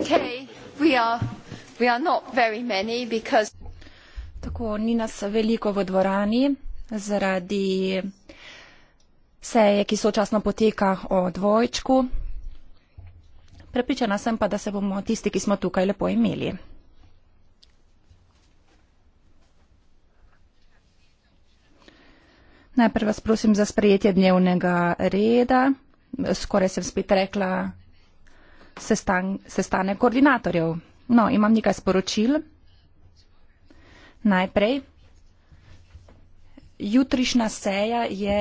okay, we are, we are not very many because. Tako ni nas veliko v dvorani zaradi seje, ki sočasno poteka o dvojčku. Prepričana sem pa, da se bomo tisti, ki smo tukaj, lepo imeli. Najprej vas prosim za sprejetje dnevnega reda. Skoraj sem spet rekla sestan sestanek koordinatorjev. No, imam nekaj sporočil. Najprej, jutrišnja seja je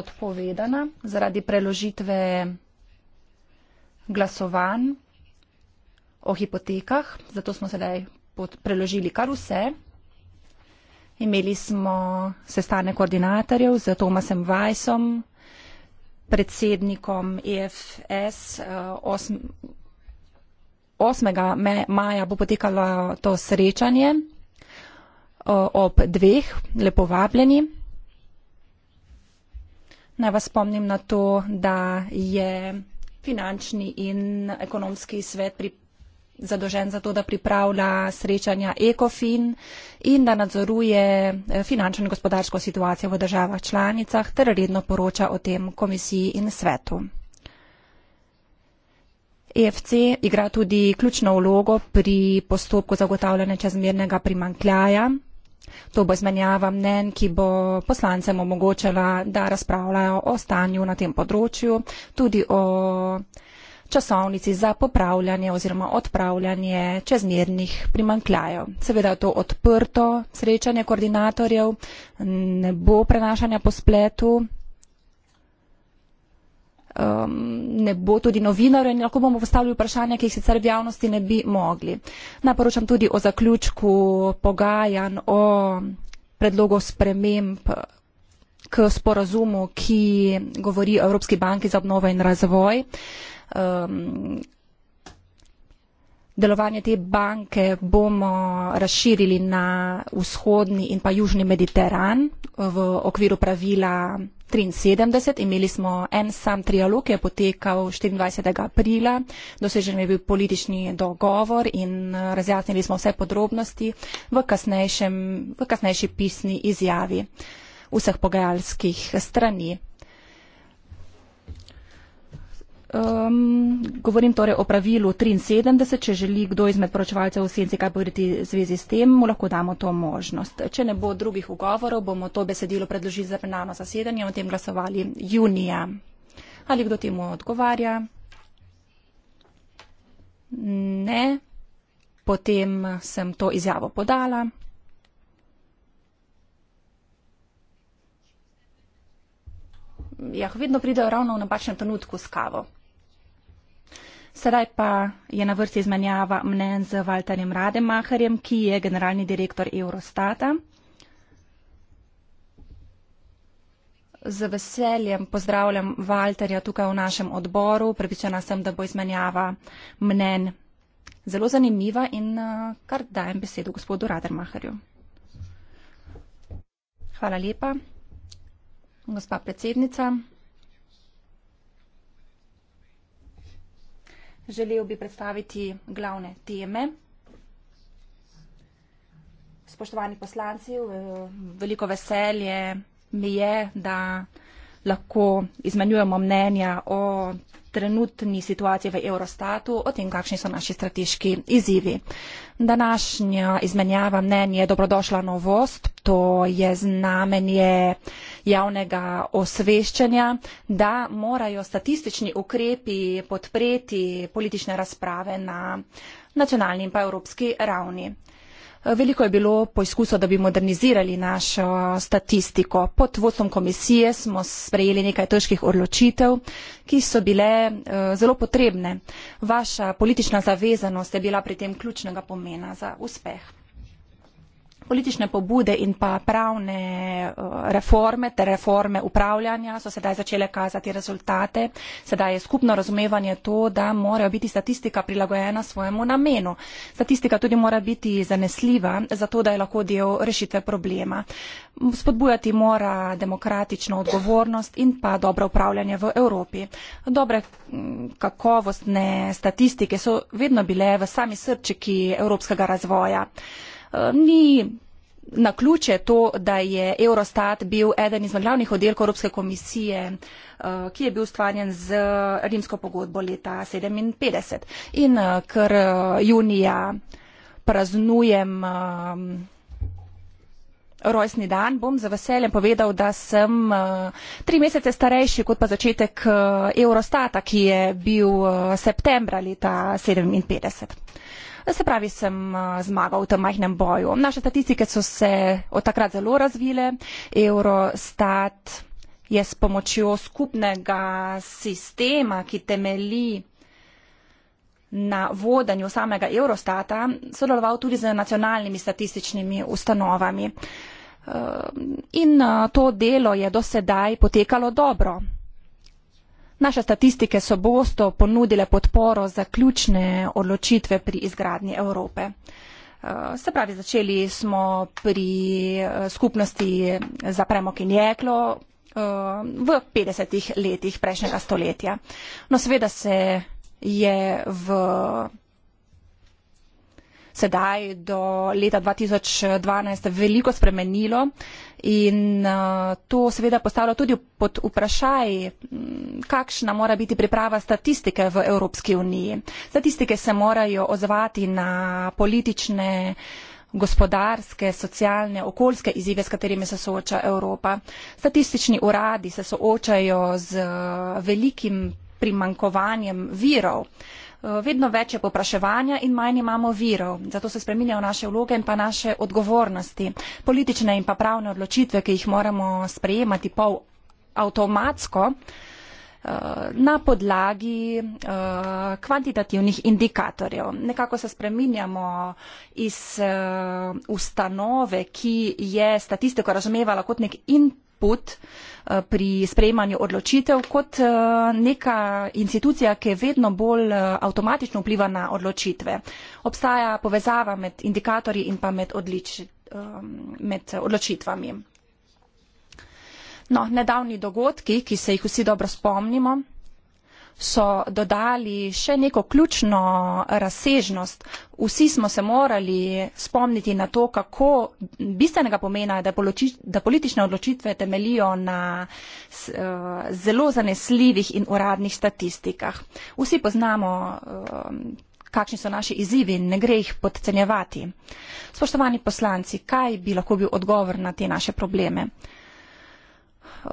odpovedana zaradi preložitve glasovanj o hipotekah, zato smo sedaj preložili kar vse. Imeli smo sestanek koordinatorjev z Tomasem Vajsom, predsednikom EFS. Eh, osmega maja bo potekalo to srečanje eh, ob dveh, lepo vabljeni. Naj vas spomnim na to, da je finančni in ekonomski svet pripravljen zadožen za to, da pripravlja srečanja ECOFIN in da nadzoruje eh, finančno in gospodarsko situacijo v državah članicah ter redno poroča o tem komisiji in svetu. EFC igra tudi ključno vlogo pri postopku zagotavljanja čezmernega primankljaja. To bo izmenjava mnen, ki bo poslancem omogočala, da razpravljajo o stanju na tem področju, tudi o časovnici za popravljanje oziroma odpravljanje čezmernih primankljajev. Seveda je to odprto srečanje koordinatorjev, ne bo prenašanja po spletu. Um, ne bo tudi novinarjev in lahko bomo postavili vprašanja, ki jih sicer v javnosti ne bi mogli. Naporočam tudi o zaključku pogajan, o predlogu sprememb k sporazumu, ki govori o Evropski banki za obnovo in razvoj. Uh, um, delovanje te banke bomo razširili na vzhodni in pa južni Mediteran v okviru pravila 73. Imeli smo en sam trialog, ki je potekal 24. aprila. Dosežen je bil politični dogovor in razjasnili smo vse podrobnosti v, v kasnejši pisni izjavi vseh pogajalskih strani. Um, govorim torej o pravilu 73. Če želi kdo izmed poročevalcev v senci kaj povedati v zvezi s tem, mu lahko damo to možnost. Če ne bo drugih ugovorov, bomo to besedilo predložili za plenarno zasedanje in o tem glasovali junija. Ali kdo temu odgovarja? Ne. Potem sem to izjavo podala. Ja, vedno pridejo ravno v napačnem trenutku s kavo. Sedaj pa je na vrsti izmenjava mnen z Valterjem Rademaherjem, ki je generalni direktor Eurostata. Z veseljem pozdravljam Valterja tukaj v našem odboru. Prepričana sem, da bo izmenjava mnen zelo zanimiva in eh, kar dajem besedo gospodu Rademaherju. Hvala lepa, gospa predsednica. Želel bi predstaviti glavne teme. Spoštovani poslanci, veliko veselje mi je, da lahko izmenjujemo mnenja o trenutni situaciji v Eurostatu, o tem, kakšni so naši strateški izzivi. Današnja izmenjava mnenja je dobrodošla novost, to je znamenje javnega osveščanja, da morajo statistični ukrepi podpreti politične razprave na nacionalni in pa evropski ravni. Veliko je bilo poizkusov, da bi modernizirali našo statistiko. Pod vodstvom komisije smo sprejeli nekaj težkih odločitev, ki so bile eh, zelo potrebne. Vaša politična zavezanost je bila pri tem ključnega pomena za uspeh. Politične pobude in pa pravne eh, reforme ter reforme upravljanja so sedaj začele kazati rezultate. Sedaj je skupno razumevanje to, da mora biti statistika prilagojena svojemu namenu. Statistika tudi mora biti zanesljiva, zato da je lahko del rešitve problema. Spodbujati mora demokratično odgovornost in pa dobro upravljanje v Evropi. Dobre kakovostne statistike so vedno bile v sami srčiki evropskega razvoja ni na ključe to, da je Eurostat bil eden izmed glavnih oddelkov Evropske komisije, eh, ki je bil ustvarjen z rimsko pogodbo leta 1957. In eh, ker eh, junija praznujem rojstni dan, bom za veseljem povedal, da sem tri mesece starejši kot pa začetek Eurostata, ki je bil septembra leta 1957 se pravi, sem eh, zmagal v tem majhnem boju. Naše statistike so se od takrat zelo razvile. Eurostat je s pomočjo skupnega sistema, ki temeli na vodanju samega Eurostata, sodeloval tudi z nacionalnimi statističnimi ustanovami. Eh, in eh, to delo je do sedaj potekalo dobro. Naše statistike so bosto ponudile podporo za ključne odločitve pri izgradnji Evrope. Eh, se pravi, začeli smo pri eh, skupnosti za premok in jeklo eh, v 50 letih prejšnjega stoletja. No, seveda se je v sedaj do leta 2012 veliko spremenilo. In uh, to seveda postavlja tudi pod vprašaj, mm, kakšna mora biti priprava statistike v Evropski uniji. Statistike se morajo ozvati na politične gospodarske, socialne, okoljske izzive, s katerimi se sooča Evropa. Statistični uradi se soočajo z uh, velikim primankovanjem virov. Uh, Eh, vedno več je popraševanja in manj imamo virov. Zato se spreminjajo naše vloge in pa naše odgovornosti. Politične in pa pravne odločitve, ki jih moramo sprejemati pol avtomatsko eh, na podlagi eh, kvantitativnih indikatorjev. Nekako se spreminjamo iz ustanove, ki je statistiko razumevala kot nek input, Eh, pri sprejemanju odločitev kot eh, neka institucija, ki vedno bolj eh, avtomatično vpliva na odločitve. Obstaja povezava med indikatorji in pa med, odlič, ehm, med odločitvami. No, nedavni dogodki, ki se jih vsi dobro spomnimo, so dodali še neko ključno razsežnost. Vsi smo se morali spomniti na to, kako bistvenega pomena je, da, poloči, da politične odločitve temelijo na uh, zelo zanesljivih in uradnih statistikah. Vsi poznamo, uh, kakšni so naši izzivi in ne gre jih podcenjevati. Spoštovani poslanci, kaj bi lahko bil odgovor na te naše probleme?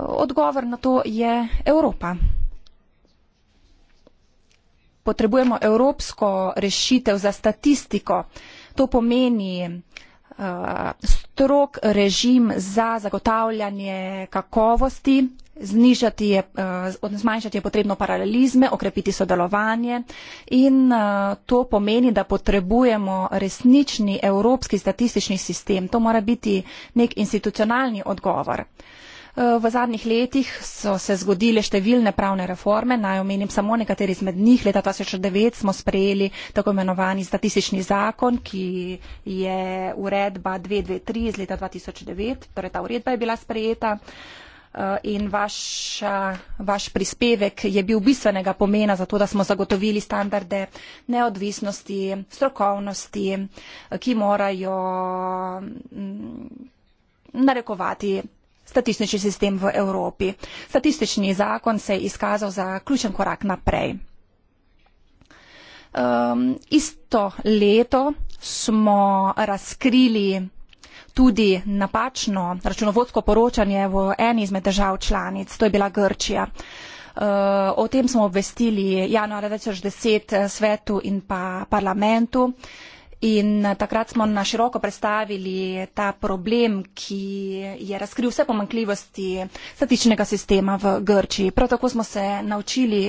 Odgovor na to je Evropa potrebujemo evropsko rešitev za statistiko. To pomeni eh, strok režim za zagotavljanje kakovosti, je, eh, zmanjšati je potrebno paralelizme, okrepiti sodelovanje in eh, to pomeni, da potrebujemo resnični evropski statistični sistem. To mora biti nek institucionalni odgovor. V zadnjih letih so se zgodile številne pravne reforme, naj omenim samo nekateri izmed njih. Leta 2009 smo sprejeli tako imenovani statistični zakon, ki je uredba 223 iz leta 2009, torej ta uredba je bila sprejeta. Eh, in vaš, vaš prispevek je bil bistvenega pomena za to, da smo zagotovili standarde neodvisnosti, strokovnosti, eh, ki morajo mm, narekovati statistični sistem v Evropi. Statistični zakon se je izkazal za ključen korak naprej. Um, isto leto smo razkrili tudi napačno računovodsko poročanje v eni izmed držav članic, to je bila Grčija. Uh, o tem smo obvestili januarja 2010 eh, svetu in pa parlamentu. Uh, In eh, takrat smo na široko predstavili ta problem, ki je razkril vse pomankljivosti statičnega sistema v Grčiji. Prav tako smo se naučili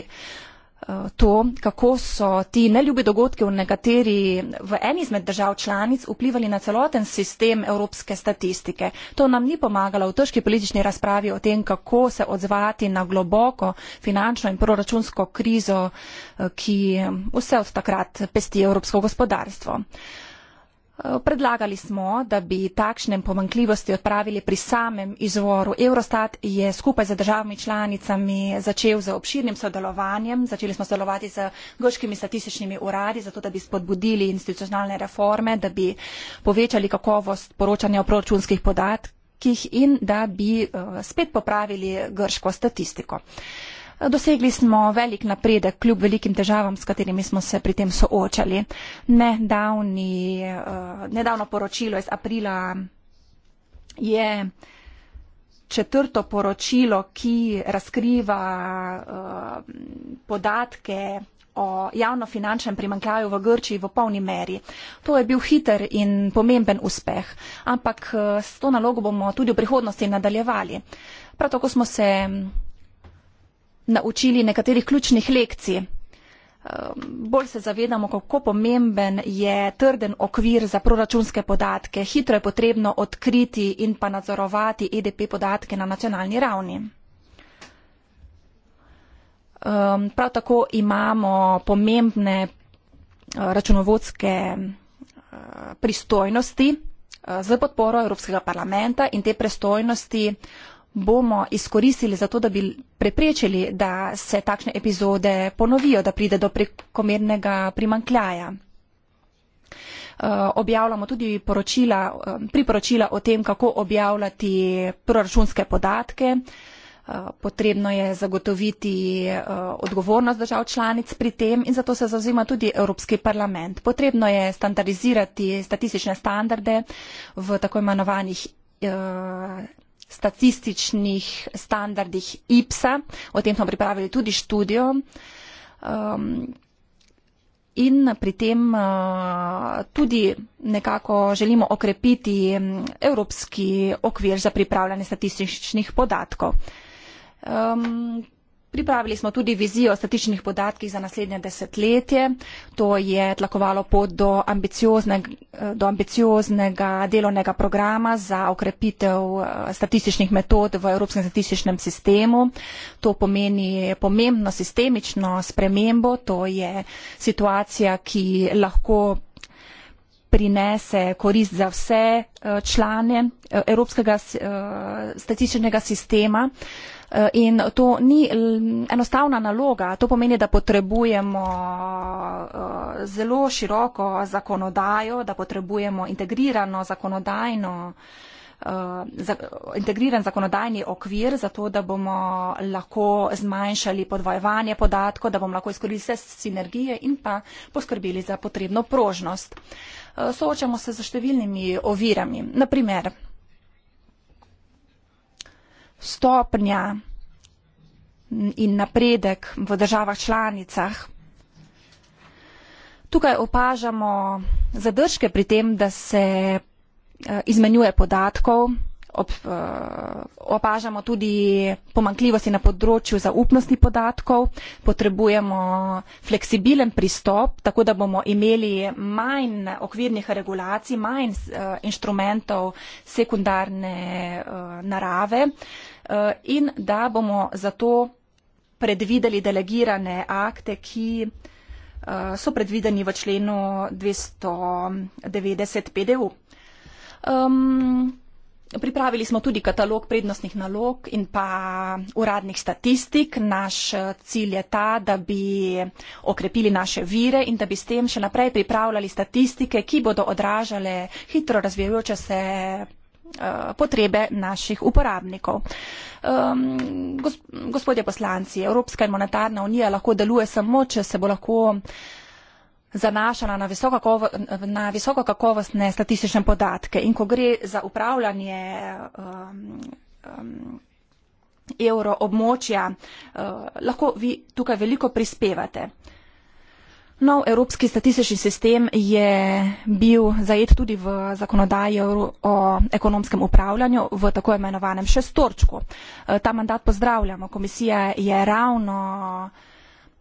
Eh, to, kako so ti neljubi dogodki v nekateri, v eni izmed držav članic vplivali na celoten sistem evropske statistike. To nam ni pomagalo v težki politični razpravi o tem, kako se odzvati na globoko finančno in proračunsko krizo, eh, ki vse od takrat pesti evropsko gospodarstvo. Uh, Eh, predlagali smo, da bi takšne pomankljivosti odpravili pri samem izvoru. Eurostat je skupaj z državami članicami začel z obširnim sodelovanjem. Začeli smo sodelovati z grškimi statističnimi uradi, zato da bi spodbudili institucionalne reforme, da bi povečali kakovost poročanja o proračunskih podatkih in da bi eh, spet popravili grško statistiko dosegli smo velik napredek kljub velikim težavam, s katerimi smo se pri tem soočali. Nedavni, eh, nedavno poročilo iz aprila je četrto poročilo, ki razkriva eh, podatke o javnofinančnem primankljaju v Grčiji v polni meri. To je bil hiter in pomemben uspeh, ampak eh, s to nalogo bomo tudi v prihodnosti nadaljevali. Prav tako smo se naučili nekaterih ključnih lekcij. Ehm, bolj se zavedamo, kako pomemben je trden okvir za proračunske podatke. Hitro je potrebno odkriti in pa nadzorovati EDP podatke na nacionalni ravni. Ehm, prav tako imamo pomembne eh, računovodske eh, pristojnosti eh, z podporo Evropskega parlamenta in te pristojnosti bomo izkoristili za to, da bi preprečili, da se takšne epizode ponovijo, da pride do prekomernega primankljaja. Eh, objavljamo tudi poročila, eh, priporočila o tem, kako objavljati proračunske podatke. Eh, potrebno je zagotoviti odgovornost držav članic pri tem in zato se zauzima tudi Evropski parlament. Potrebno je standardizirati statistične standarde v tako imenovanih statističnih standardih IPSA. O tem smo pripravili tudi študijo. Um, In pri tem uh, tudi nekako želimo okrepiti um, evropski okvir za pripravljanje statističnih podatkov. Um, Pripravili smo tudi vizijo statičnih podatkih za naslednje desetletje. To je tlakovalo pot do, ambicioznega, do ambicioznega delovnega programa za okrepitev eh, statističnih metod v Evropskem statističnem sistemu. To pomeni pomembno sistemično spremembo. To je situacija, ki lahko prinese korist za vse eh, člane eh, Evropskega statističnega sistema. Eh, in to ni enostavna naloga, to pomeni, da potrebujemo eh, zelo široko zakonodajo, da potrebujemo integrirano zakonodajno. Eh, za, integriran zakonodajni okvir, zato da bomo lahko zmanjšali podvajanje podatkov, da bomo lahko izkoristili vse sinergije in pa poskrbeli za potrebno prožnost. Soočamo se z številnimi ovirami. Naprimer, stopnja in napredek v državah članicah. Tukaj opažamo zadržke pri tem, da se eh, izmenjuje podatkov, eh, opažamo tudi pomankljivosti na področju zaupnosti podatkov, potrebujemo fleksibilen pristop, tako da bomo imeli manj okvirnih regulacij, manj eh, inštrumentov sekundarne narave. Eh, in da bomo zato predvideli delegirane akte, ki eh, so predvideni v členu 290 PDU. Um, pripravili smo tudi katalog prednostnih nalog in pa uradnih statistik. Naš eh, cilj je ta, da bi okrepili naše vire in da bi s tem še naprej pripravljali statistike, ki bodo odražale hitro razvijajoče se Eh, potrebe naših uporabnikov. Um, gospodje poslanci, Evropska in monetarna unija lahko deluje samo, če se bo lahko zanašala na visoko, kakovo, na visoko kakovostne statistične podatke. In ko gre za upravljanje um, um, evro območja, uh, eh, lahko vi tukaj veliko prispevate. Nov evropski statistični sistem je bil zajet tudi v zakonodaji o ekonomskem upravljanju v tako imenovanem šestorčku. E, ta mandat pozdravljamo. Komisija je ravno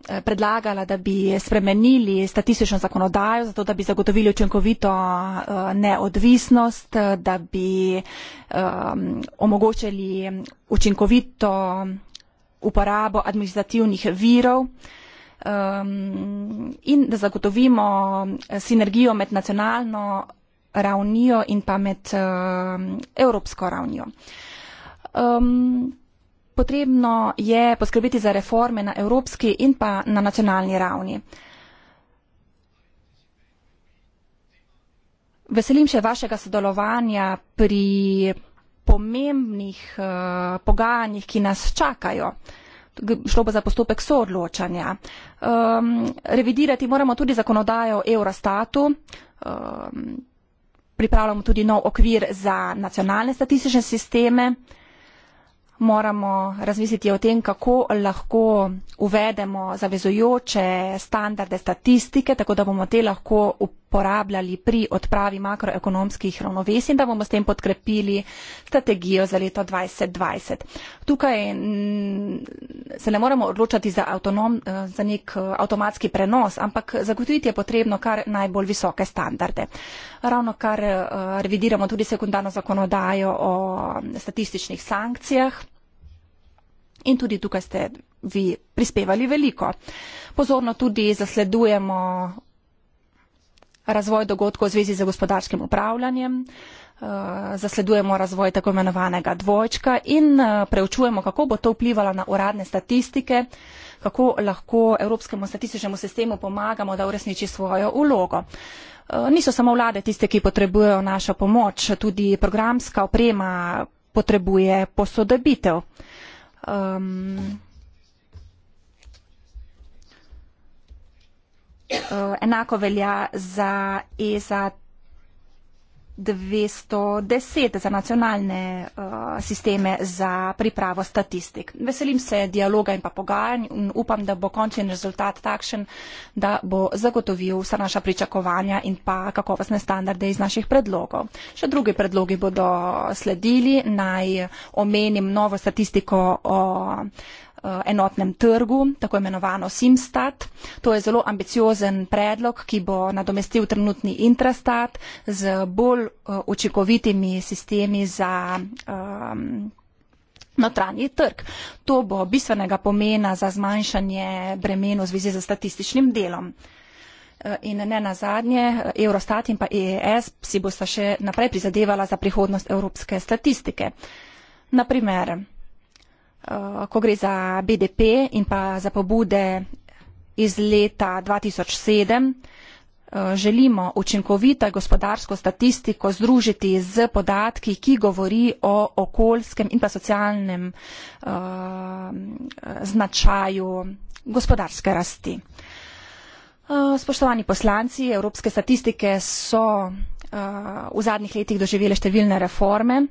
e, predlagala, da bi spremenili statistično zakonodajo, zato da bi zagotovili učinkovito e, neodvisnost, da bi omogočili učinkovito uporabo administrativnih virov um, in da zagotovimo eh, sinergijo med nacionalno ravnijo in pa med um, evropsko ravnijo. Um, potrebno je poskrbeti za reforme na evropski in pa na nacionalni ravni. Veselim se vašega sodelovanja pri pomembnih uh, pogajanjih, ki nas čakajo. Uh, šlo bo za postopek soodločanja. Um, revidirati moramo tudi zakonodajo Eurostatu. Um, pripravljamo tudi nov okvir za nacionalne statistične sisteme. Moramo razmisliti o tem, kako lahko uvedemo zavezujoče standarde statistike, tako da bomo te lahko uporabili uporabljali pri odpravi makroekonomskih ravnovesij in da bomo s tem podkrepili strategijo za leto 2020. Tukaj se ne moremo odločati za, avtonom, eh, za nek eh, avtomatski prenos, ampak zagotoviti je potrebno kar najbolj visoke standarde. Ravno kar eh, revidiramo tudi sekundarno zakonodajo o statističnih sankcijah. In tudi tukaj ste vi prispevali veliko. Pozorno tudi zasledujemo razvoj dogodkov v zvezi z gospodarskim upravljanjem, eh, zasledujemo razvoj tako imenovanega dvojčka in eh, preučujemo, kako bo to vplivalo na uradne statistike, kako lahko Evropskemu statističnemu sistemu pomagamo, da uresniči svojo ulogo. Eh, niso samo vlade tiste, ki potrebujejo našo pomoč, tudi programska oprema potrebuje posodobitev. Um, Eh, enako velja za e ESA 210, za nacionalne uh, sisteme za pripravo statistik. Veselim se dialoga in pa pogajanj in upam, da bo končen rezultat takšen, da bo zagotovil vsa naša pričakovanja in pa kakovostne standarde iz naših predlogov. Še druge predlogi bodo sledili. Naj omenim novo statistiko o Eh, enotnem trgu, tako imenovano Simstat. To je zelo ambiciozen predlog, ki bo nadomestil trenutni Intrastat z bolj eh, učinkovitimi sistemi za um, notranji trg. To bo bistvenega pomena za zmanjšanje bremen v zvezi z statističnim delom. Eh, in ne na zadnje, Eurostat in pa EES si bosta še naprej prizadevala za prihodnost evropske statistike. Naprimer, Eh, ko gre za BDP in pa za pobude iz leta 2007, eh, želimo učinkovito gospodarsko statistiko združiti z podatki, ki govori o okoljskem in pa socialnem eh, značaju gospodarske rasti. Spoštovani poslanci, evropske statistike so v zadnjih letih doživele številne reforme,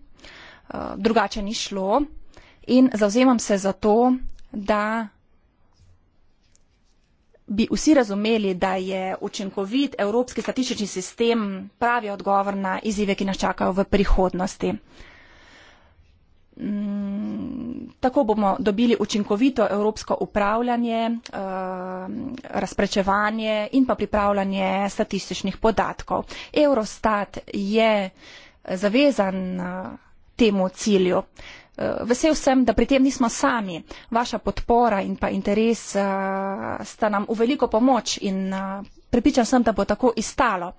drugače ni šlo in zauzemam se za to, da bi vsi razumeli, da je učinkovit evropski statistični sistem pravi odgovor na izzive, ki nas čakajo v prihodnosti. Mm, tako bomo dobili učinkovito evropsko upravljanje, eh, razprečevanje in pa pripravljanje statističnih podatkov. Eurostat je zavezan eh, temu cilju. Eh, vesel sem, da pri tem nismo sami. Vaša podpora in pa interes eh, sta nam v veliko pomoč in eh, pripričan sem, da bo tako izstalo.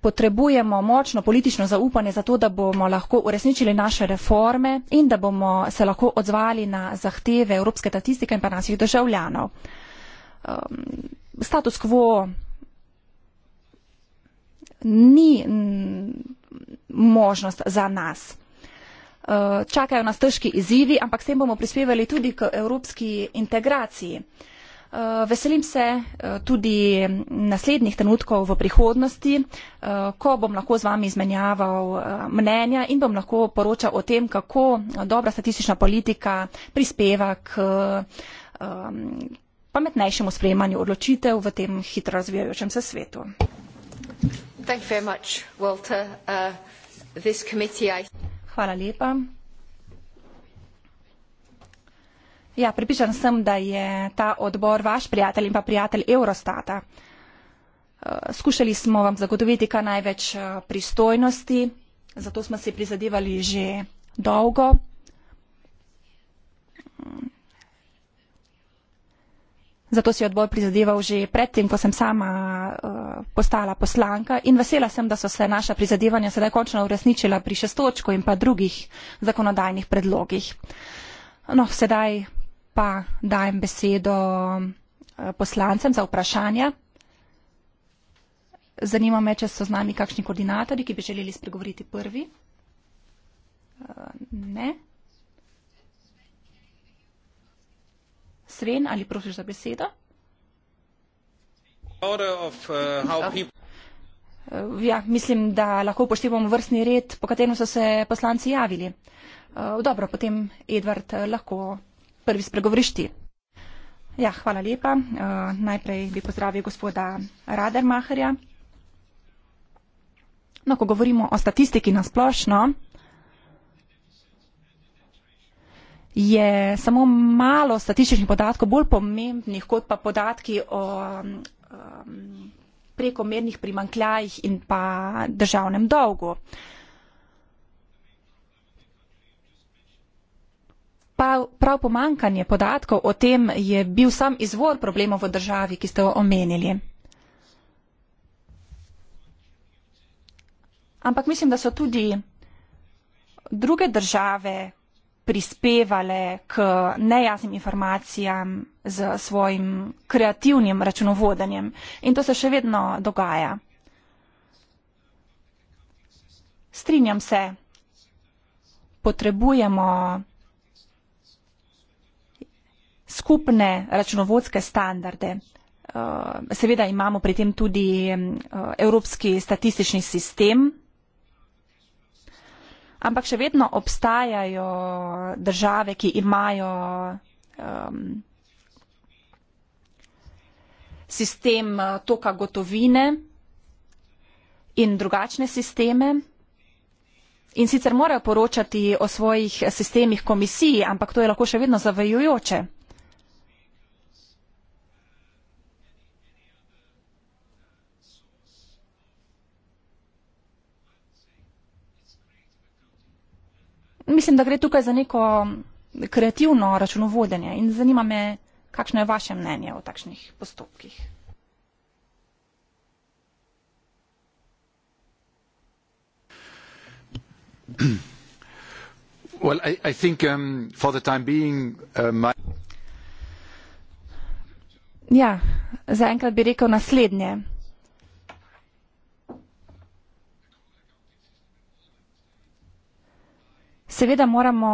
Potrebujemo močno politično zaupanje za to, da bomo lahko uresničili naše reforme in da bomo se lahko odzvali na zahteve evropske statistike in pa naših državljanov. Status quo ni mm, možnost za nas. Eh, čakajo nas težki izzivi, ampak s tem bomo prispevali tudi k evropski integraciji. Eh, veselim se eh, tudi naslednjih trenutkov v prihodnosti, ko bom lahko z vami izmenjaval mnenja in bom lahko poročal o tem, kako dobra statistična politika prispeva k ehm, pametnejšemu sprejemanju odločitev v tem hitro razvijajočem se svetu. Thank you very much, Walter. Uh, this committee, I... Hvala lepa. Ja, pripričan sem, da je ta odbor vaš prijatelj in pa prijatelj Eurostata. Eh, skušali smo vam zagotoviti kar največ eh, pristojnosti, zato smo se prizadevali že dolgo. Zato si odbor prizadeval že predtem, ko sem sama uh, postala poslanka in vesela sem, da so se naša prizadevanja sedaj končno uresničila pri šestočku in pa drugih zakonodajnih predlogih. No, sedaj pa dajem besedo eh, poslancem za vprašanja. Zanima me, če so z nami kakšni koordinatorji, ki bi želeli spregovoriti prvi. Uh, ne. Sren, ali prosiš za besedo? Of, uh, uh, ja, mislim, da lahko upoštevamo vrstni red, po katerem so se poslanci javili. Uh, dobro, potem, Edvard, uh, lahko prvi spregovoriš ti. Ja, hvala lepa. Uh, najprej bi pozdravil gospoda Radermacherja. No, ko govorimo o statistiki na splošno, je samo malo statističnih podatkov bolj pomembnih kot pa podatki o um, um, prekomernih primankljajih in pa državnem dolgu. Pa prav pomankanje podatkov o tem je bil sam izvor problemov v državi, ki ste jo omenili. Ampak mislim, da so tudi druge države prispevale k nejasnim informacijam z svojim kreativnim računovodenjem. In to se še vedno dogaja. Strinjam se, potrebujemo skupne računovodske standarde. Eh, seveda imamo pri tem tudi eh, evropski statistični sistem, ampak še vedno obstajajo države, ki imajo um, sistem uh, toka gotovine in drugačne sisteme. In sicer morajo poročati o svojih sistemih komisiji, ampak to je lahko še vedno zavajujoče. mislim, da gre tukaj za neko kreativno računovodenje in zanima me, kakšno je vaše mnenje o takšnih postopkih. Well, I, I think um, for the time being, uh, my. Ja, zaenkrat bi rekel naslednje. seveda moramo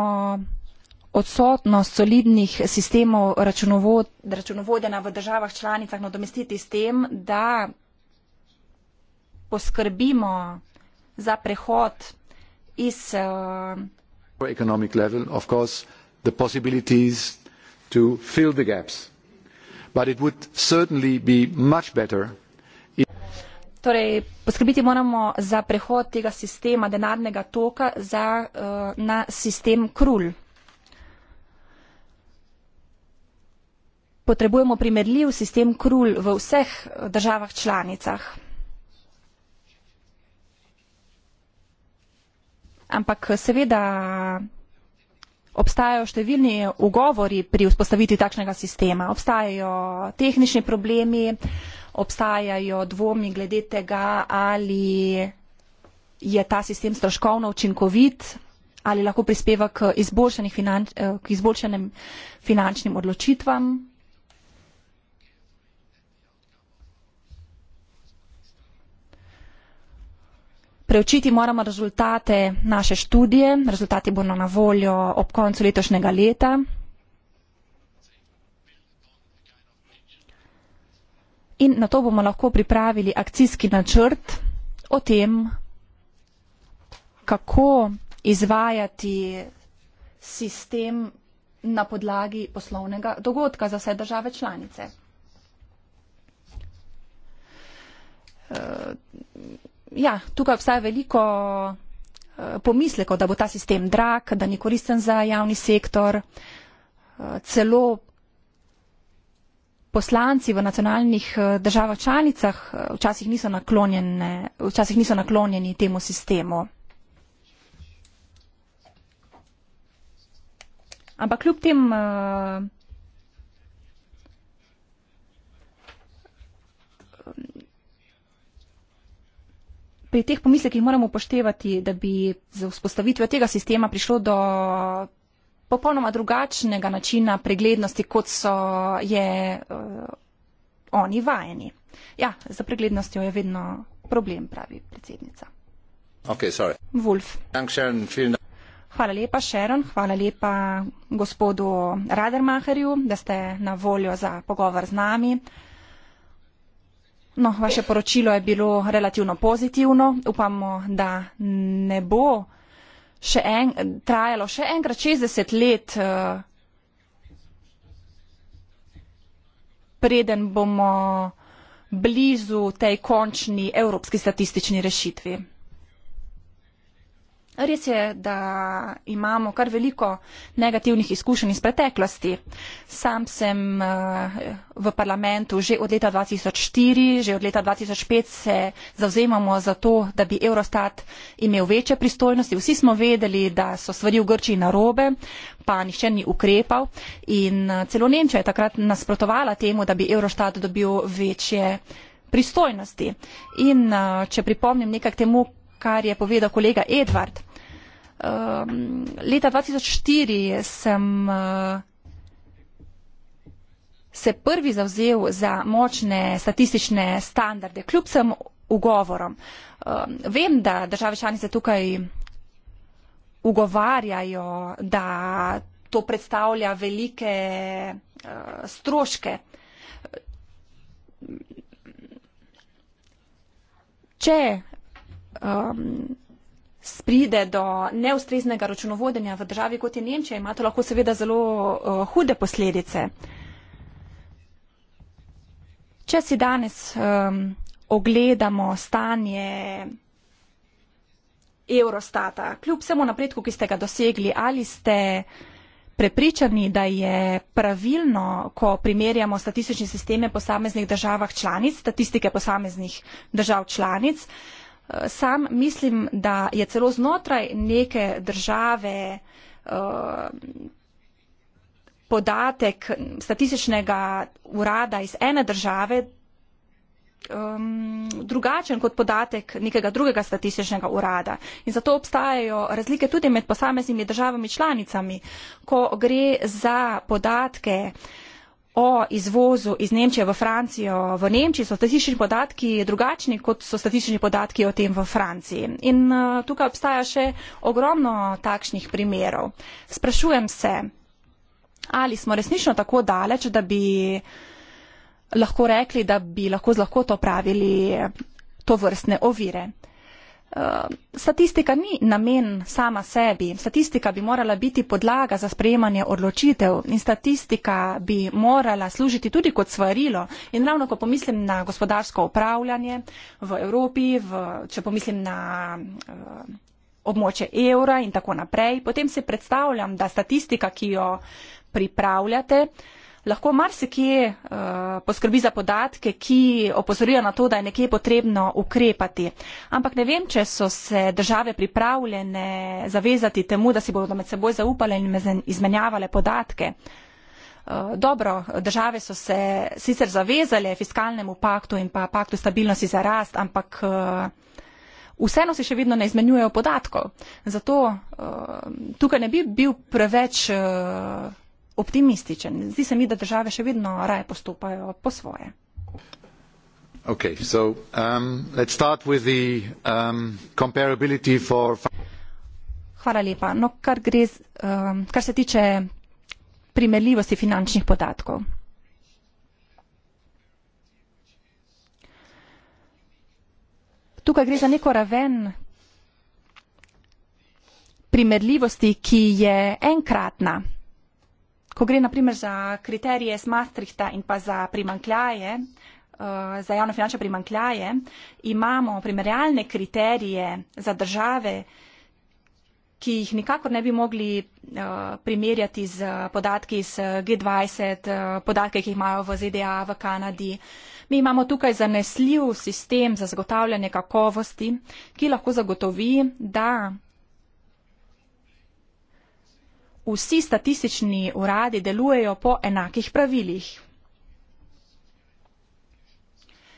odsotnost solidnih sistemov računovod, računovodena v državah članicah nadomestiti s tem, da poskrbimo za prehod iz uh, Torej, poskrbiti moramo za prehod tega sistema denarnega toka za, eh, na sistem krul. Potrebujemo primerljiv sistem krul v vseh državah članicah. Ampak seveda obstajajo številni ugovori pri vzpostavitvi takšnega sistema. Obstajajo tehnični problemi, uh, obstajajo dvomi glede tega, ali je ta sistem stroškovno učinkovit, ali lahko prispeva k, finanč, eh, k izboljšanim finančnim odločitvam. Preučiti moramo rezultate naše študije, rezultati bodo na voljo ob koncu letošnjega leta. in na to bomo lahko pripravili akcijski načrt o tem, kako izvajati sistem na podlagi poslovnega dogodka za vse države članice. Eh, ja, tukaj obstaja veliko eh, pomisleko, da bo ta sistem drag, da ni koristen za javni sektor, eh, celo poslanci v nacionalnih eh, državah članicah eh, včasih niso, včasih niso naklonjeni temu sistemu. Ampak kljub tem eh, pri teh pomislekih moramo upoštevati, da bi z vzpostavitvijo tega sistema prišlo do popolnoma drugačnega načina preglednosti, kot so je uh, oni vajeni. Ja, za preglednostjo je vedno problem, pravi predsednica. Okay, Wolf. Thanks, Sharon. Hvala lepa, Sharon. Hvala lepa gospodu Radermacherju, da ste na voljo za pogovor z nami. No, vaše poročilo je bilo relativno pozitivno. Upamo, da ne bo še en, trajalo še enkrat 60 let, eh, preden bomo blizu tej končni evropski statistični rešitvi. Res je, da imamo kar veliko negativnih izkušenj iz preteklosti. Sam sem eh, v parlamentu že od leta 2004, že od leta 2005 se zauzemamo za to, da bi Eurostat imel večje pristojnosti. Vsi smo vedeli, da so stvari v Grčiji narobe, pa nišče ni ukrepal in eh, celo Nemčija je takrat nasprotovala temu, da bi Eurostat dobil večje pristojnosti. In eh, če pripomnim nekaj k temu, kar je povedal kolega Edvard. Um, leta 2004 sem uh, se prvi zavzel za močne statistične standarde, kljub sem ugovorom. Um, vem, da države članice tukaj ugovarjajo, da to predstavlja velike uh, stroške. Če um, spride do neustreznega računovodenja v državi, kot je Nemčija, ima to lahko seveda zelo uh, hude posledice. Če si danes um, ogledamo stanje Eurostata, kljub vsemu napredku, ki ste ga dosegli, ali ste prepričani, da je pravilno, ko primerjamo statistične sisteme posameznih državah članic, statistike posameznih držav članic, uh, Sam mislim, da je celo znotraj neke države eh, podatek statističnega urada iz ene države drugačen kot podatek nekega drugega statističnega urada. In zato obstajajo razlike tudi med posameznimi državami članicami, ko gre za podatke o izvozu iz Nemčije v Francijo v Nemčiji so statistični podatki drugačni, kot so statistični podatki o tem v Franciji. In eh, tukaj obstaja še ogromno takšnih primerov. Sprašujem se, ali smo resnično tako daleč, da bi lahko rekli, da bi lahko z lahko to pravili eh, to vrstne ovire. Eh, statistika ni namen sama sebi, statistika bi morala biti podlaga za sprejemanje odločitev in statistika bi morala služiti tudi kot svarilo. In ravno ko pomislim na gospodarsko upravljanje v Evropi, v, če pomislim na eh, območje evra in tako naprej, potem si predstavljam, da statistika, ki jo pripravljate, lahko marsikje uh, poskrbi za podatke, ki opozorijo na to, da je nekje potrebno ukrepati. Ampak ne vem, če so se države pripravljene zavezati temu, da si bodo med seboj zaupale in izmenjavale podatke. Eh, dobro, države so se sicer zavezale fiskalnemu paktu in pa paktu stabilnosti za rast, ampak eh, vseeno si še vedno ne izmenjujejo podatkov. Zato tukaj ne bi bil preveč optimističen. Zdi se mi, da države še vedno raje postopajo po svoje. Okay, so, um, the, um, for... Hvala lepa. No, kar, gre, um, kar se tiče primerljivosti finančnih podatkov. Tukaj gre za neko raven primerljivosti, ki je enkratna ko gre naprimer za kriterije z Maastrichta in pa za primankljaje, eh, za javno finančne primankljaje, imamo primerjalne kriterije za države, ki jih nikakor ne bi mogli eh, primerjati z podatki iz eh, G20, podatke, ki jih imajo v ZDA, v Kanadi. Mi imamo tukaj zanesljiv sistem za zagotavljanje kakovosti, ki lahko zagotovi, da vsi statistični uradi delujejo po enakih pravilih.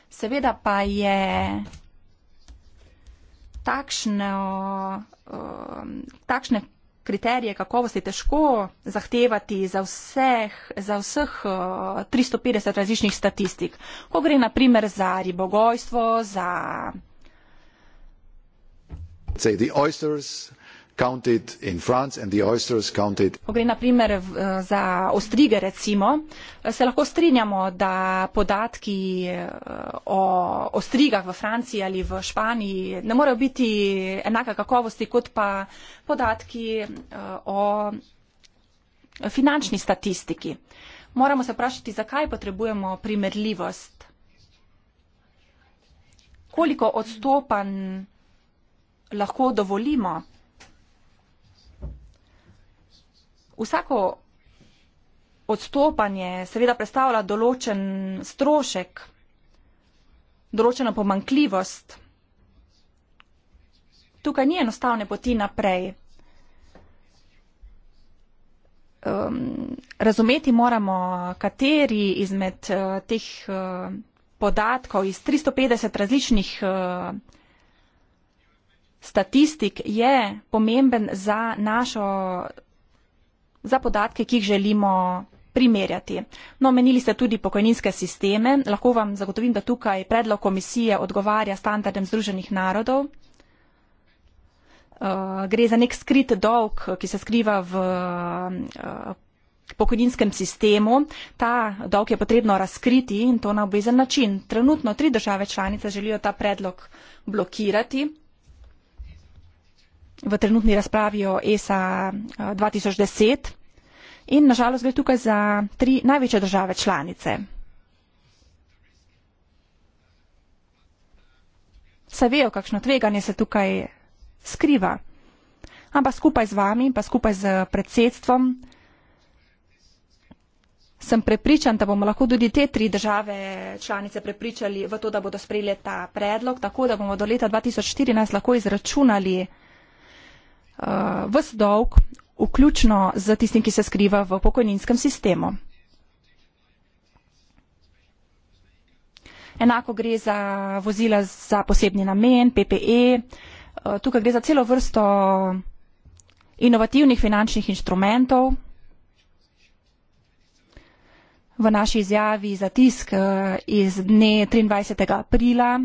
Seveda pa je takšno, um, takšne kriterije kakovosti težko zahtevati za, vseh, za vseh 350 uh, različnih statistik. Ko gre na primer za ribogojstvo, za counted in France and the oysters counted. Ko gre na primer za ostrige recimo, se lahko strinjamo, da podatki eh, o ostrigah v Franciji ali v Španiji ne morejo biti enaka kakovosti kot pa podatki eh, o finančni statistiki. Moramo se vprašati, zakaj potrebujemo primerljivost. Koliko odstopanj lahko dovolimo? vsako odstopanje seveda predstavlja določen strošek, določeno pomankljivost. Tukaj ni enostavne poti naprej. Um, razumeti moramo, kateri izmed uh, teh uh, podatkov iz 350 različnih uh, statistik je pomemben za našo za podatke, ki jih želimo primerjati. No, menili ste tudi pokojninske sisteme. Lahko vam zagotovim, da tukaj predlog komisije odgovarja standardem Združenih narodov. Uh, gre za nek skrit dolg, ki se skriva v uh, pokojninskem sistemu. Ta dolg je potrebno razkriti in to na obvezen način. Trenutno tri države članice želijo ta predlog blokirati. V trenutni razpravi o ESA 2010 uh, in nažalost gre tukaj za tri največje države članice. Saj vejo, kakšno tveganje se tukaj skriva. Ampak skupaj z vami, pa skupaj z predsedstvom, sem prepričan, da bomo lahko tudi te tri države članice prepričali v to, da bodo sprejeli ta predlog, tako da bomo do leta 2014 lahko izračunali uh, eh, vse dolg vključno z tistim, ki se skriva v pokojninskem sistemu. Enako gre za vozila za posebni namen, PPE. Eh, tukaj gre za celo vrsto inovativnih finančnih inštrumentov. V naši izjavi za tisk eh, iz dne 23. aprila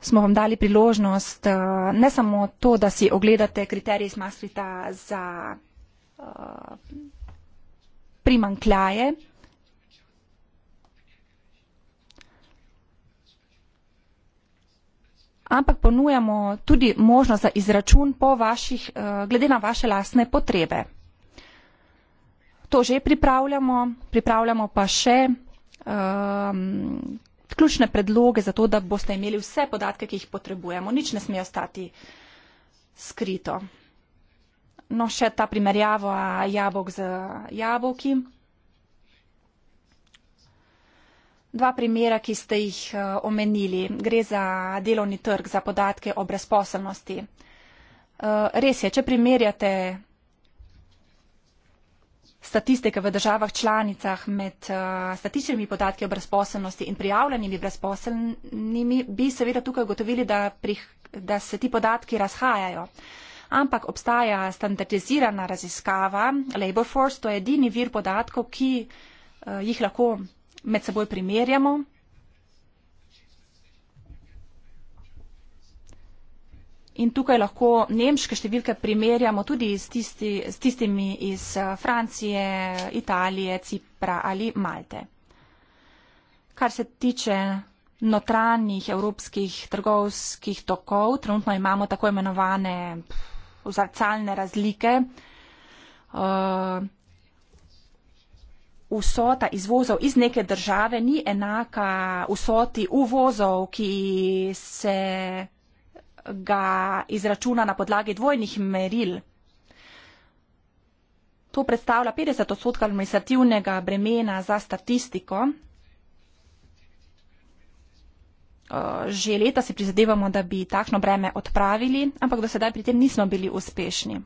smo vam dali priložnost eh, ne samo to, da si ogledate kriterije iz Maastrichta za eh, primankljaje, ampak ponujamo tudi možnost za izračun po vaših, eh, glede na vaše lastne potrebe. To že pripravljamo, pripravljamo pa še ključne predloge za to, da boste imeli vse podatke, ki jih potrebujemo. Nič ne sme ostati skrito. No, še ta primerjava jabolk z jabolki. Dva primera, ki ste jih e, omenili. Gre za delovni trg, za podatke o brezposelnosti. E, res je, če primerjate statistike v državah članicah med uh, statističnimi podatki o brezposelnosti in prijavljenimi brezposelnimi, bi seveda tukaj ugotovili, da, da se ti podatki razhajajo. Ampak obstaja standardizirana raziskava, Labor Force, to je edini vir podatkov, ki uh, jih lahko med seboj primerjamo. In tukaj lahko nemške številke primerjamo tudi s, tisti, s tistimi iz eh, Francije, Italije, Cipra ali Malte. Kar se tiče notranjih evropskih trgovskih tokov, trenutno imamo tako imenovane vzorcalne razlike. Eh, vsota izvozov iz neke države ni enaka vsoti uvozov, ki se ga izračuna na podlagi dvojnih meril. To predstavlja 50 odstotka administrativnega bremena za statistiko. Eh, že leta si prizadevamo, da bi takšno breme odpravili, ampak do sedaj pri tem nismo bili uspešni.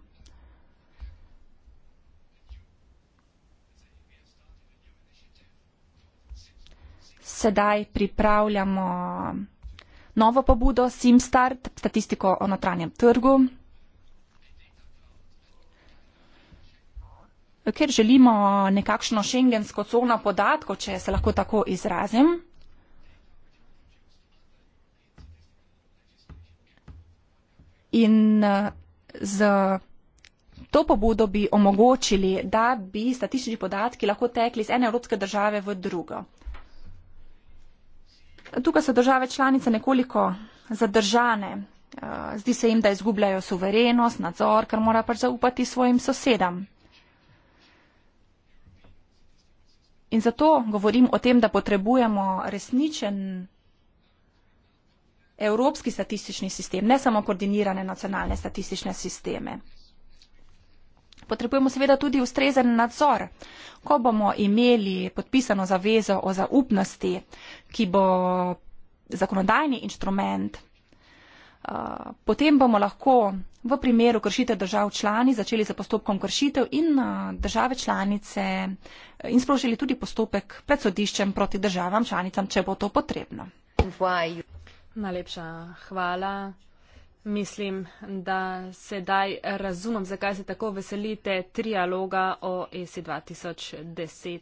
Sedaj pripravljamo novo pobudo Simstart, statistiko o notranjem trgu, ker želimo nekakšno šengensko cono podatkov, če se lahko tako izrazim. In z to pobudo bi omogočili, da bi statistični podatki lahko tekli iz ene evropske države v drugo. Tukaj so države članice nekoliko zadržane. Eh, zdi se jim, da izgubljajo suverenost, nadzor, ker mora pač zaupati svojim sosedam. In zato govorim o tem, da potrebujemo resničen evropski statistični sistem, ne samo koordinirane nacionalne statistične sisteme potrebujemo seveda tudi ustrezen nadzor. Ko bomo imeli podpisano zavezo o zaupnosti, ki bo zakonodajni inštrument, eh, potem bomo lahko v primeru kršitev držav člani začeli za postopkom kršitev in eh, države članice eh, in sprožili tudi postopek pred sodiščem proti državam članicam, če bo to potrebno. Najlepša hvala. Mislim, da sedaj razumem, zakaj se tako veselite trialoga o e ESI 2010.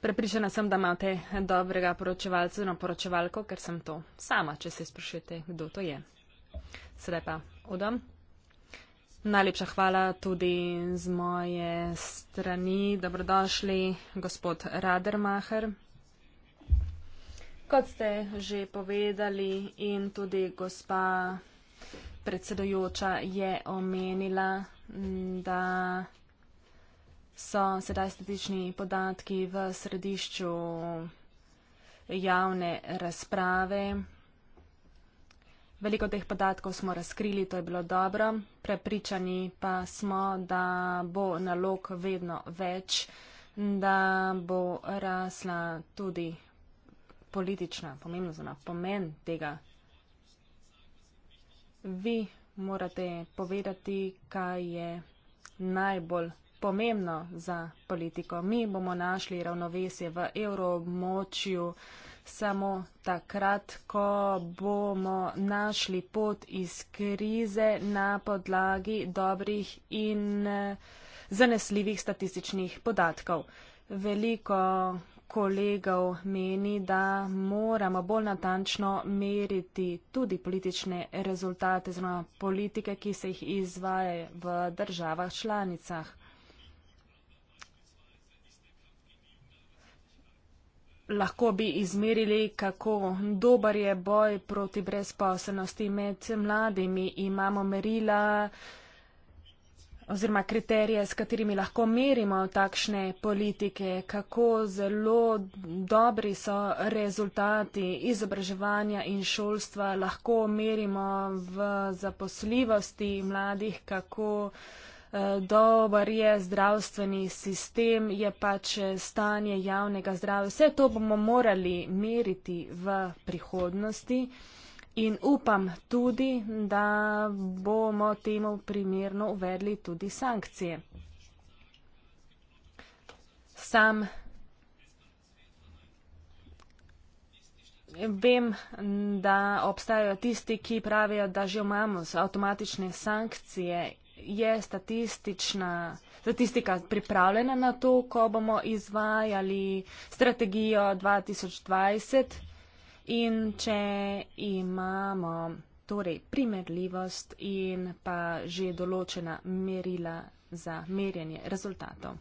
Prepričana sem, da imate dobrega poročevalca na poročevalko, ker sem to sama, če se sprašujete, kdo to je. Sedaj pa odam. Najlepša hvala tudi z moje strani. Dobrodošli, gospod Radermacher kot ste že povedali in tudi gospa predsedojoča je omenila, da so sedaj statični podatki v središču javne razprave. Veliko teh podatkov smo razkrili, to je bilo dobro. Prepričani pa smo, da bo nalog vedno več, da bo rasla tudi politična, pomembno za pomen tega. Vi morate povedati, kaj je najbolj pomembno za politiko. Mi bomo našli ravnovesje v evroobmočju samo takrat, ko bomo našli pot iz krize na podlagi dobrih in eh, zanesljivih statističnih podatkov. Veliko kolegov meni, da moramo bolj natančno meriti tudi politične rezultate, oziroma politike, ki se jih izvaja v državah članicah. Lahko bi izmerili, kako dober je boj proti brezposobnosti med mladimi. Imamo merila, oziroma kriterije, s katerimi lahko merimo takšne politike, kako zelo dobri so rezultati izobraževanja in šolstva, lahko merimo v zaposljivosti mladih, kako eh, dober je zdravstveni sistem, je pač eh, stanje javnega zdravja. Vse to bomo morali meriti v prihodnosti. In upam tudi, da bomo temu primerno uvedli tudi sankcije. Sam vem, da obstajajo tisti, ki pravijo, da že imamo avtomatične sankcije. Je statistika pripravljena na to, ko bomo izvajali strategijo 2020? In če imamo torej primerljivost in pa že določena merila za merjenje rezultatov.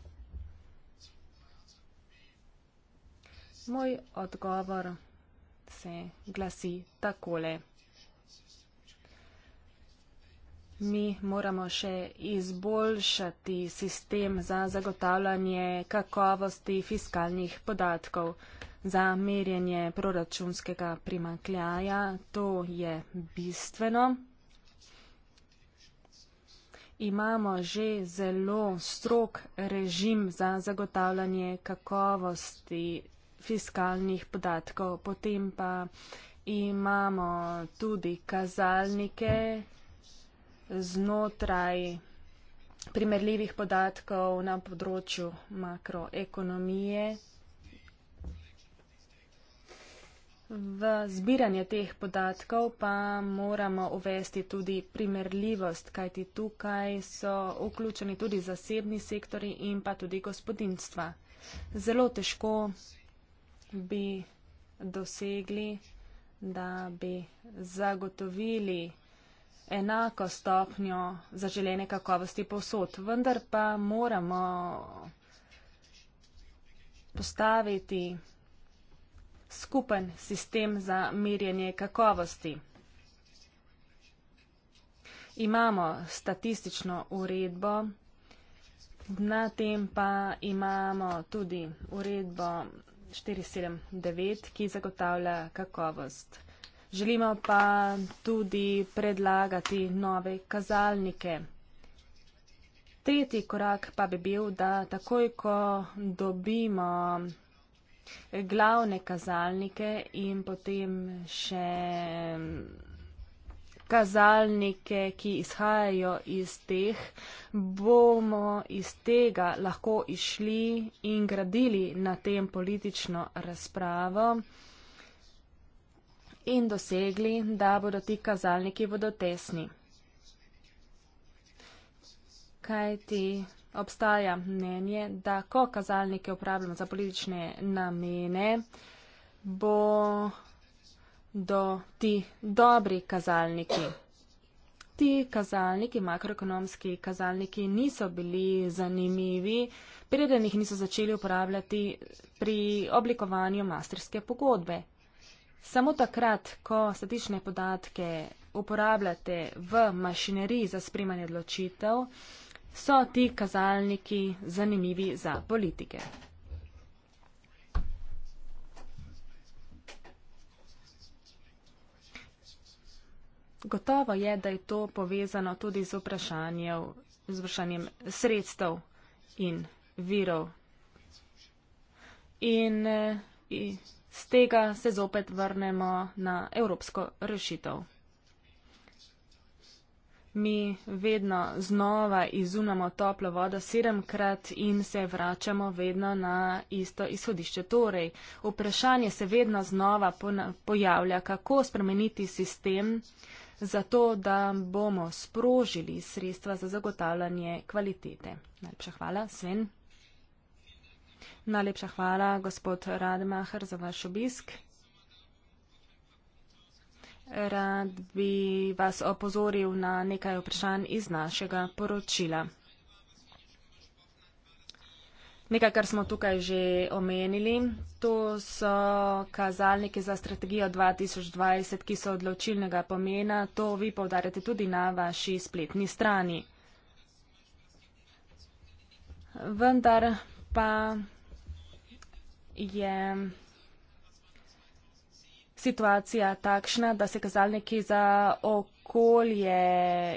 Moj odgovor se glasi takole. Mi moramo še izboljšati sistem za zagotavljanje kakovosti fiskalnih podatkov za merjenje proračunskega primankljaja. To je bistveno. Imamo že zelo strok režim za zagotavljanje kakovosti fiskalnih podatkov. Potem pa imamo tudi kazalnike znotraj primerljivih podatkov na področju makroekonomije. V zbiranje teh podatkov pa moramo uvesti tudi primerljivost, kajti tukaj so vključeni tudi zasebni sektori in pa tudi gospodinstva. Zelo težko bi dosegli, da bi zagotovili enako stopnjo zaželene kakovosti posod, vendar pa moramo postaviti skupen sistem za merjenje kakovosti. Imamo statistično uredbo, na tem pa imamo tudi uredbo 479, ki zagotavlja kakovost. Želimo pa tudi predlagati nove kazalnike. Tretji korak pa bi bil, da takoj, ko dobimo glavne kazalnike in potem še kazalnike, ki izhajajo iz teh, bomo iz tega lahko išli in gradili na tem politično razpravo in dosegli, da bodo ti kazalniki bodo tesni. Kaj ti obstaja mnenje, da ko kazalnike uporabljamo za politične namene, bo do ti dobri kazalniki. Ti kazalniki, makroekonomski kazalniki, niso bili zanimivi, preden jih niso začeli uporabljati pri oblikovanju masterske pogodbe. Samo takrat, ko statične podatke uporabljate v mašineriji za spremanje odločitev, so ti kazalniki zanimivi za politike. Gotovo je, da je to povezano tudi z vprašanjem sredstev in virov. In eh, z tega se zopet vrnemo na evropsko rešitev mi vedno znova izumemo toplo vodo sedemkrat in se vračamo vedno na isto izhodišče. Torej, vprašanje se vedno znova pojavlja, kako spremeniti sistem zato, da bomo sprožili sredstva za zagotavljanje kvalitete. Najlepša hvala, Sven. Najlepša hvala, gospod Rademacher, za vaš obisk rad bi vas opozoril na nekaj vprašanj iz našega poročila. Nekaj, kar smo tukaj že omenili, to so kazalniki za strategijo 2020, ki so odločilnega pomena. To vi povdarjate tudi na vaši spletni strani. Vendar pa je situacija takšna, da se kazalniki za okolje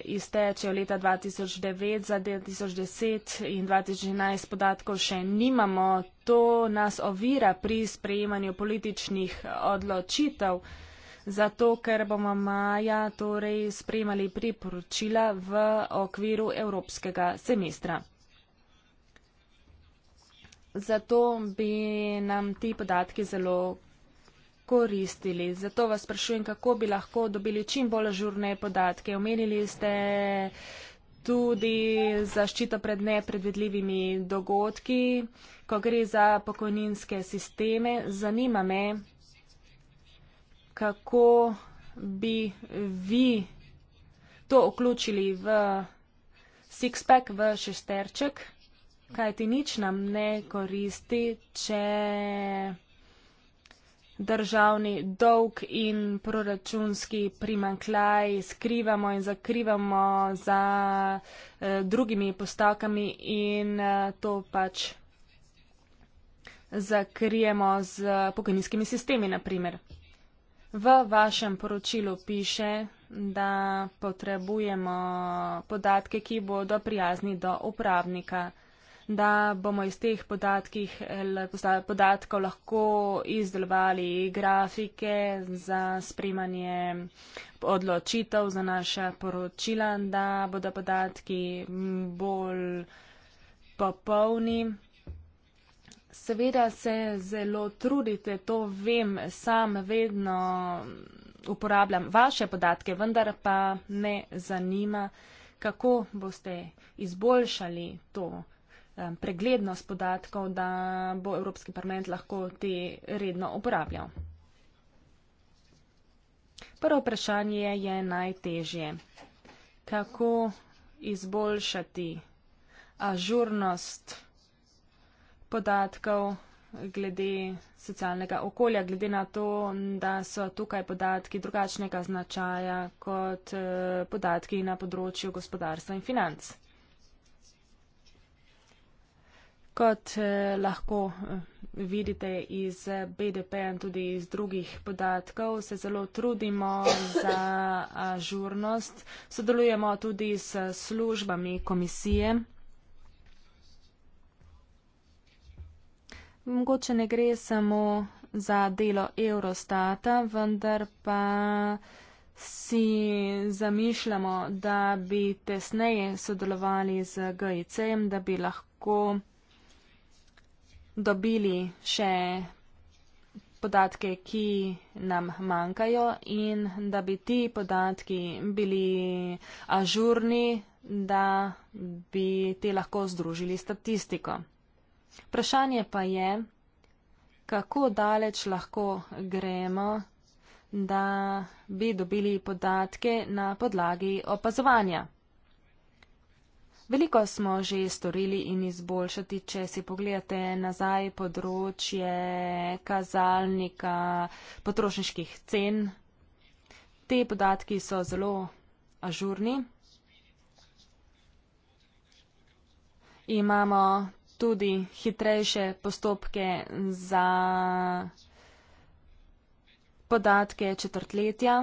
iztečejo leta 2009, za 2010 in 2011 podatkov še nimamo. To nas ovira pri sprejemanju političnih odločitev, zato ker bomo maja torej sprejemali priporočila v okviru evropskega semestra. Zato bi nam ti podatki zelo koristili. Zato vas sprašujem, kako bi lahko dobili čim bolj žurne podatke. Omenili ste tudi zaščito pred nepredvedljivimi dogodki, ko gre za pokojninske sisteme. Zanima me, kako bi vi to vključili v six-pack, v šesterček, kaj ti nič nam ne koristi, če državni dolg in proračunski primankljaj skrivamo in zakrivamo za eh, drugimi postavkami in eh, to pač zakrijemo z pokojninskimi sistemi, naprimer. V vašem poročilu piše, da potrebujemo podatke, ki bodo prijazni do upravnika da bomo iz teh podatkih, podatkov lahko izdelovali grafike za spremanje odločitev za naša poročila, da bodo podatki bolj popolni. Seveda se zelo trudite, to vem, sam vedno uporabljam vaše podatke, vendar pa me zanima, kako boste izboljšali to preglednost podatkov, da bo Evropski parlament lahko te redno uporabljal. Prvo vprašanje je najtežje. Kako izboljšati ažurnost podatkov glede socialnega okolja, glede na to, da so tukaj podatki drugačnega značaja kot eh, podatki na področju gospodarstva in financ. Kot eh, lahko eh, vidite iz eh, BDP in tudi iz drugih podatkov, se zelo trudimo za ažurnost. Sodelujemo tudi s službami komisije. Mogoče ne gre samo za delo Eurostata, vendar pa si zamišljamo, da bi tesneje sodelovali z GIC-em, da bi lahko dobili še podatke, ki nam manjkajo in da bi ti podatki bili ažurni, da bi ti lahko združili statistiko. Vprašanje pa je, kako daleč lahko gremo, da bi dobili podatke na podlagi opazovanja. Veliko smo že storili in izboljšati, če si pogledate nazaj področje kazalnika potrošniških cen. Te podatki so zelo ažurni. Imamo tudi hitrejše postopke za podatke četrtletja,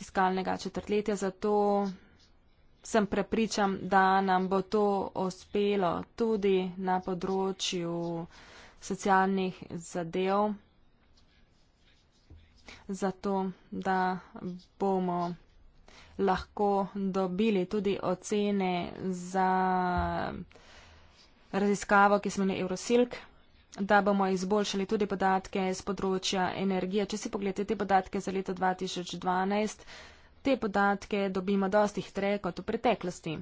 fiskalnega četrtletja, zato sem prepričan, da nam bo to uspelo tudi na področju socialnih zadev, zato da bomo lahko dobili tudi ocene za raziskavo, ki smo imeli Eurosilk, da bomo izboljšali tudi podatke z področja energije. Če si pogledate te podatke za leto 2012, Te podatke dobimo dosti hitreje kot v preteklosti.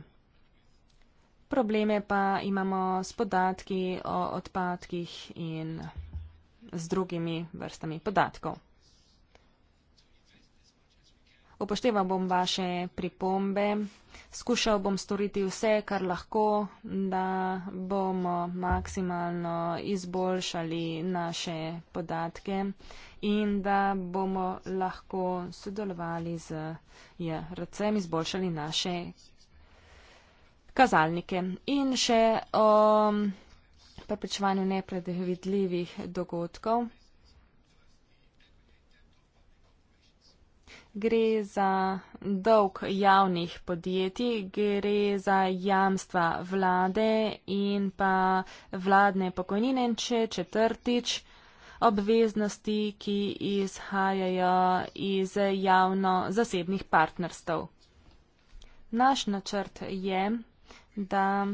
Probleme pa imamo s podatki o odpadkih in z drugimi vrstami podatkov. Upošteval bom vaše pripombe, skušal bom storiti vse, kar lahko, da bomo maksimalno izboljšali naše podatke in da bomo lahko sodelovali z JRC-em, ja, izboljšali naše kazalnike. In še o preprečevanju nepredvidljivih dogodkov. gre za dolg javnih podjetij, gre za jamstva vlade in pa vladne pokojnine, če četrtič obveznosti, ki izhajajo iz javno-zasebnih partnerstv. Naš načrt je, da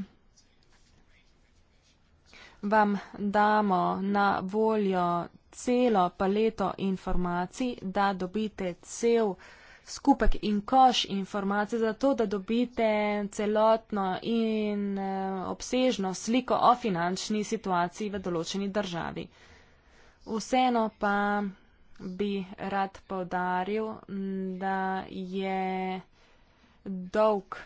vam damo na voljo celo paleto informacij, da dobite cel skupek in koš informacij, zato da dobite celotno in eh, obsežno sliko o finančni situaciji v določeni državi. Vseeno pa bi rad povdaril, da je dolg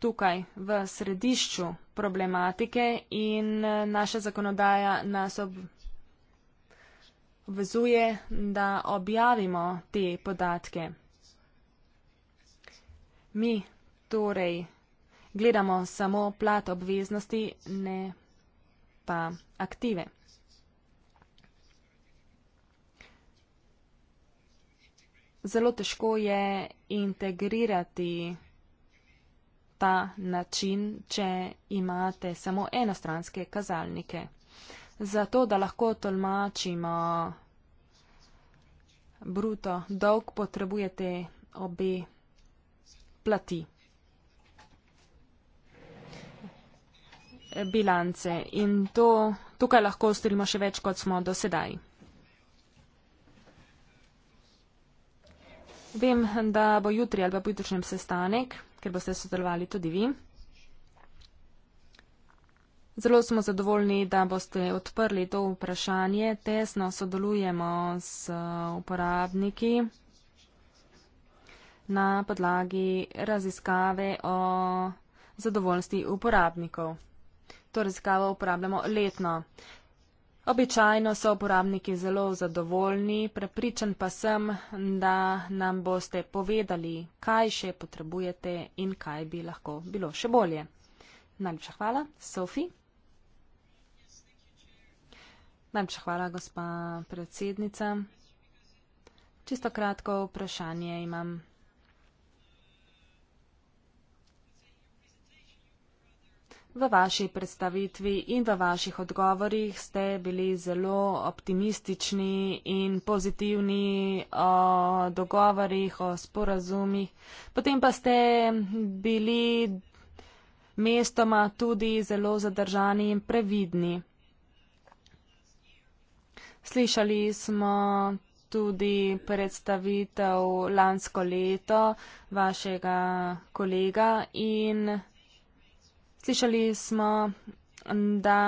tukaj v središču problematike in eh, naša zakonodaja nas ob obvezuje, da objavimo te podatke. Mi torej gledamo samo plat obveznosti, ne pa aktive. Zelo težko je integrirati ta način, če imate samo enostranske kazalnike. Zato, da lahko tolmačimo bruto dolg, potrebujete obe plati. bilance in to tukaj lahko ustrimo še več, kot smo do sedaj. Vem, da bo jutri ali pa jutrišnjem sestanek ker boste sodelovali tudi vi. Zelo smo zadovoljni, da boste odprli to vprašanje. Tesno sodelujemo s uh, uporabniki na podlagi raziskave o zadovoljstvi uporabnikov. To raziskavo uporabljamo letno. Običajno so uporabniki zelo zadovoljni, prepričan pa sem, da nam boste povedali, kaj še potrebujete in kaj bi lahko bilo še bolje. Najlepša hvala, Sofi. Najlepša hvala, gospa predsednica. Čisto kratko vprašanje imam. V vaši predstavitvi in v vaših odgovorih ste bili zelo optimistični in pozitivni o dogovorih, o sporazumih. Potem pa ste bili mestoma tudi zelo zadržani in previdni. Slišali smo tudi predstavitev lansko leto vašega kolega in Slišali smo, da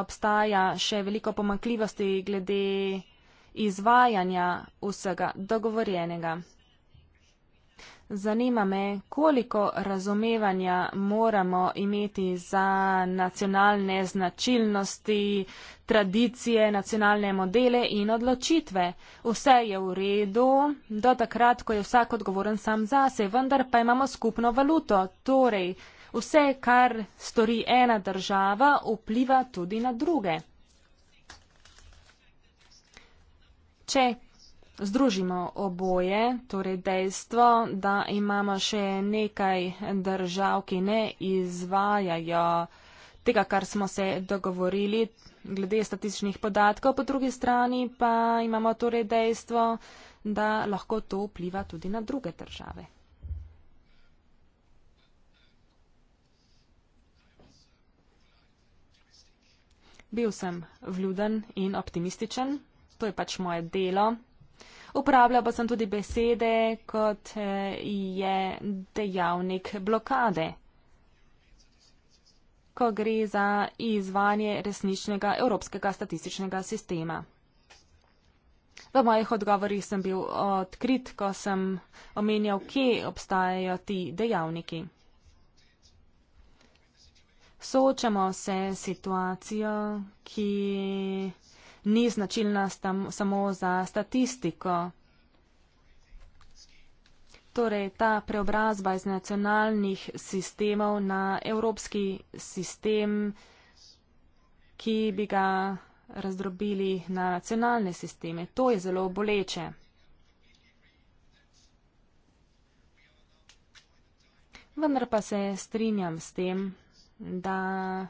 obstaja še veliko pomakljivosti glede izvajanja vsega dogovorjenega. Zanima me, koliko razumevanja moramo imeti za nacionalne značilnosti, tradicije, nacionalne modele in odločitve. Vse je v redu do takrat, ko je vsak odgovoren sam zase, vendar pa imamo skupno valuto. Torej, Vse, kar stori ena država, vpliva tudi na druge. Če združimo oboje, torej dejstvo, da imamo še nekaj držav, ki ne izvajajo tega, kar smo se dogovorili glede statističnih podatkov, po drugi strani pa imamo torej dejstvo, da lahko to vpliva tudi na druge države. Bil sem vljuden in optimističen, to je pač moje delo. Uporabljal pa sem tudi besede, kot eh, je dejavnik blokade, ko gre za izvanje resničnega evropskega statističnega sistema. V mojih odgovorih sem bil odkrit, ko sem omenjal, kje obstajajo ti dejavniki. Soočamo se s situacijo, ki ni značilna stam, samo za statistiko. Torej, ta preobrazba iz nacionalnih sistemov na evropski sistem, ki bi ga razdrobili na nacionalne sisteme, to je zelo boleče. Vendar pa se strinjam s tem, da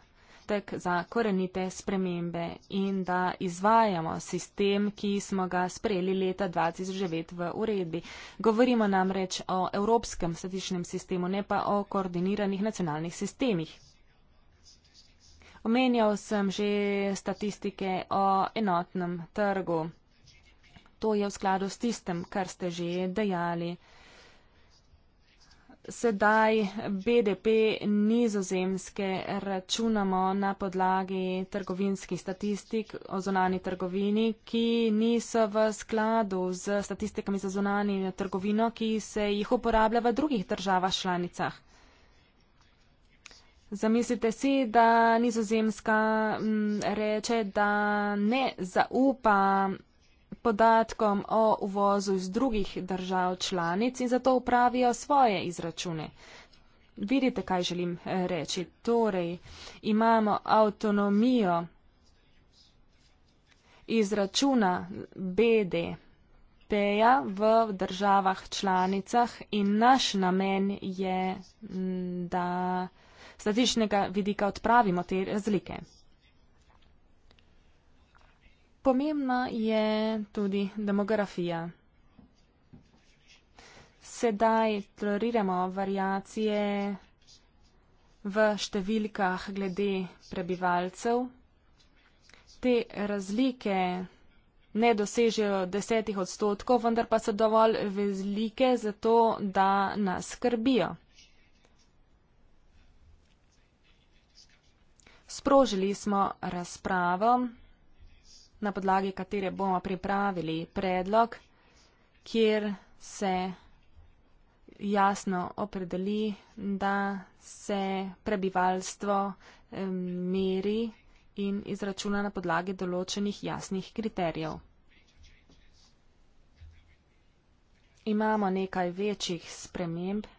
tek za korenite spremembe in da izvajamo sistem, ki smo ga sprejeli leta 2009 v uredbi. Govorimo namreč o evropskem statičnem sistemu, ne pa o koordiniranih nacionalnih sistemih. Omenjal sem že statistike o enotnem trgu. To je v skladu s tistem, kar ste že dejali sedaj BDP nizozemske računamo na podlagi trgovinskih statistik o zonani trgovini, ki niso v skladu z statistikami za zonani trgovino, ki se jih uporablja v drugih državah članicah. Zamislite si, da nizozemska mm, reče, da ne zaupa podatkom o uvozu iz drugih držav članic in zato upravijo svoje izračune. Vidite, kaj želim eh, reči. Torej, imamo avtonomijo izračuna BDP-ja v državah članicah in naš namen je, da statičnega vidika odpravimo te razlike. Pomembna je tudi demografija. Sedaj toleriramo variacije v številkah glede prebivalcev. Te razlike ne dosežejo desetih odstotkov, vendar pa so dovolj velike za to, da nas skrbijo. Sprožili smo razpravo na podlagi katere bomo pripravili predlog, kjer se jasno opredeli, da se prebivalstvo eh, meri in izračuna na podlagi določenih jasnih kriterijev. Imamo nekaj večjih sprememb.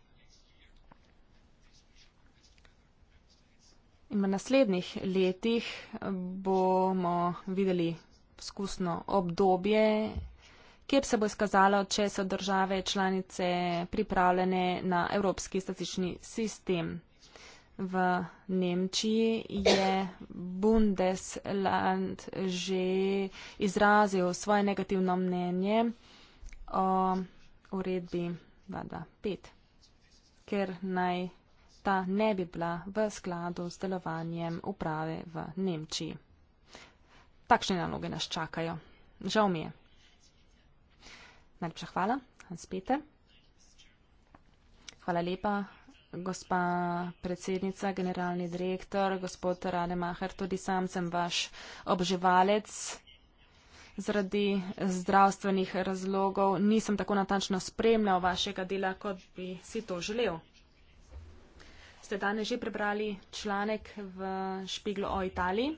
In v naslednjih letih bomo videli poskusno obdobje, kjer se bo izkazalo, če so države članice pripravljene na evropski statični sistem. V Nemčiji je Bundesland že izrazil svoje negativno mnenje o uredbi 25, ker naj ta ne bi bila v skladu s delovanjem uprave v Nemčiji takšne naloge nas čakajo. Žal mi je. Najlepša hvala, Hans Peter. Hvala lepa, gospa predsednica, generalni direktor, gospod Rademacher, tudi sam sem vaš obživalec. Zaradi zdravstvenih razlogov nisem tako natančno spremljal vašega dela, kot bi si to želel. Ste danes že prebrali članek v Špiglu o Italiji?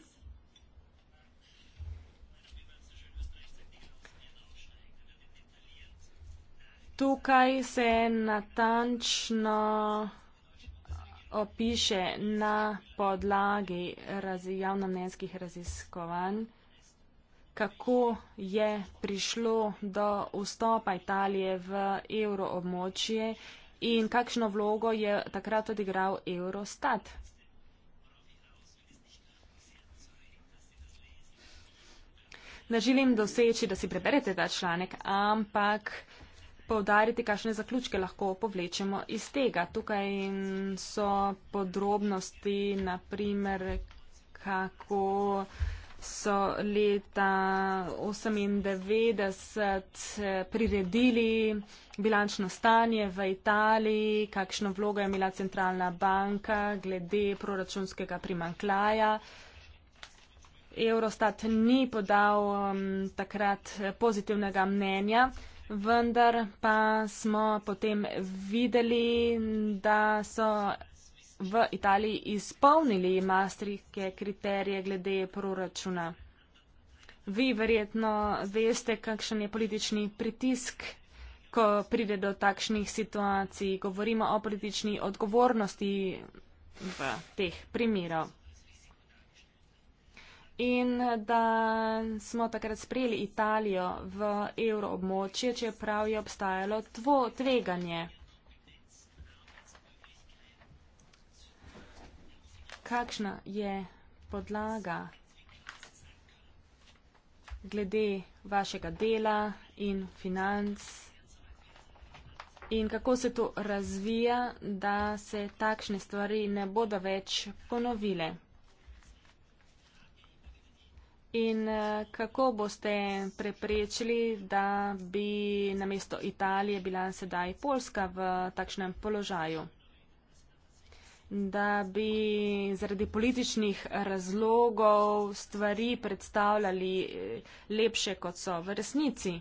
tukaj se natančno opiše na podlagi raz, javnomnenjskih raziskovanj, kako je prišlo do vstopa Italije v evroobmočje in kakšno vlogo je takrat odigral Eurostat. Ne želim doseči, da si preberete ta članek, ampak povdariti, kakšne zaključke lahko povlečemo iz tega. Tukaj so podrobnosti, naprimer, kako so leta 1998 priredili bilančno stanje v Italiji, kakšno vlogo je imela centralna banka glede proračunskega primankljaja. Eurostat ni podal um, takrat pozitivnega mnenja vendar pa smo potem videli, da so v Italiji izpolnili mastrike kriterije glede proračuna. Vi verjetno veste, kakšen je politični pritisk, ko pride do takšnih situacij. Govorimo o politični odgovornosti v teh primerov in da smo takrat sprejeli Italijo v evroobmočje, čeprav je obstajalo tvo tveganje. Kakšna je podlaga glede vašega dela in financ in kako se to razvija, da se takšne stvari ne bodo več ponovile? In eh, kako boste preprečili, da bi na mesto Italije bila sedaj Poljska v takšnem položaju? Da bi zaradi političnih razlogov stvari predstavljali eh, lepše, kot so v resnici?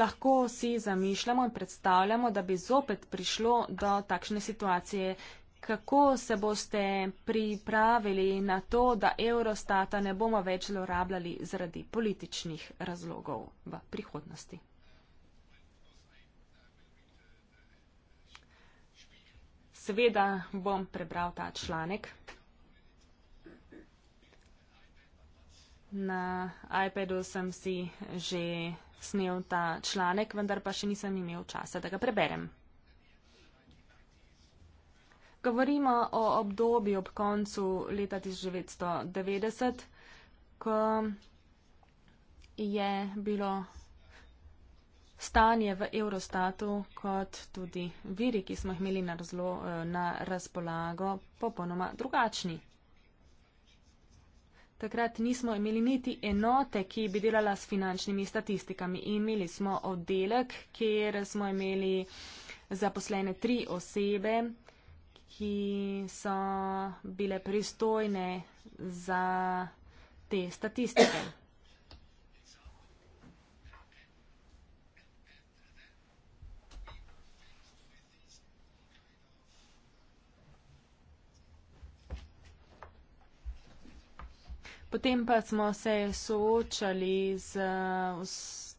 Lahko si zamišljamo in predstavljamo, da bi zopet prišlo do takšne situacije kako se boste pripravili na to, da Eurostata ne bomo več zlorabljali zaradi političnih razlogov v prihodnosti. Seveda bom prebral ta članek na iPadu sem si že snel ta članek, vendar pa še nisem imel časa, da ga preberem. Govorimo o obdobju ob koncu leta 1990, ko je bilo stanje v Eurostatu, kot tudi viri, ki smo jih imeli na, razlo, na razpolago, popolnoma drugačni. Takrat nismo imeli niti enote, ki bi delala s finančnimi statistikami. Imeli smo oddelek, kjer smo imeli zaposlene tri osebe, ki so bile pristojne za te statistike. Potem pa smo se soočali z, z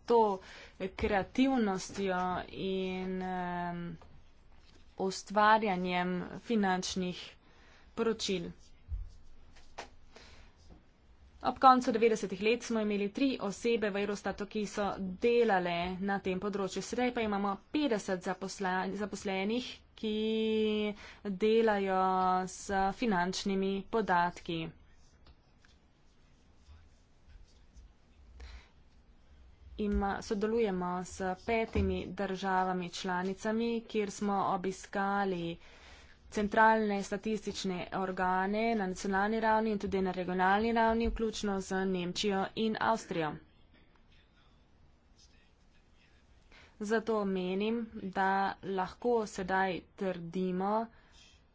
to kreativnostjo in um, ustvarjanjem finančnih poročil. Ob koncu 90-ih let smo imeli tri osebe v Eurostatu, ki so delale na tem področju. Sedaj pa imamo 50 zaposlenih, ki delajo s finančnimi podatki. ima, sodelujemo s petimi državami članicami, kjer smo obiskali centralne statistične organe na nacionalni ravni in tudi na regionalni ravni, vključno z Nemčijo in Avstrijo. Zato menim, da lahko sedaj trdimo,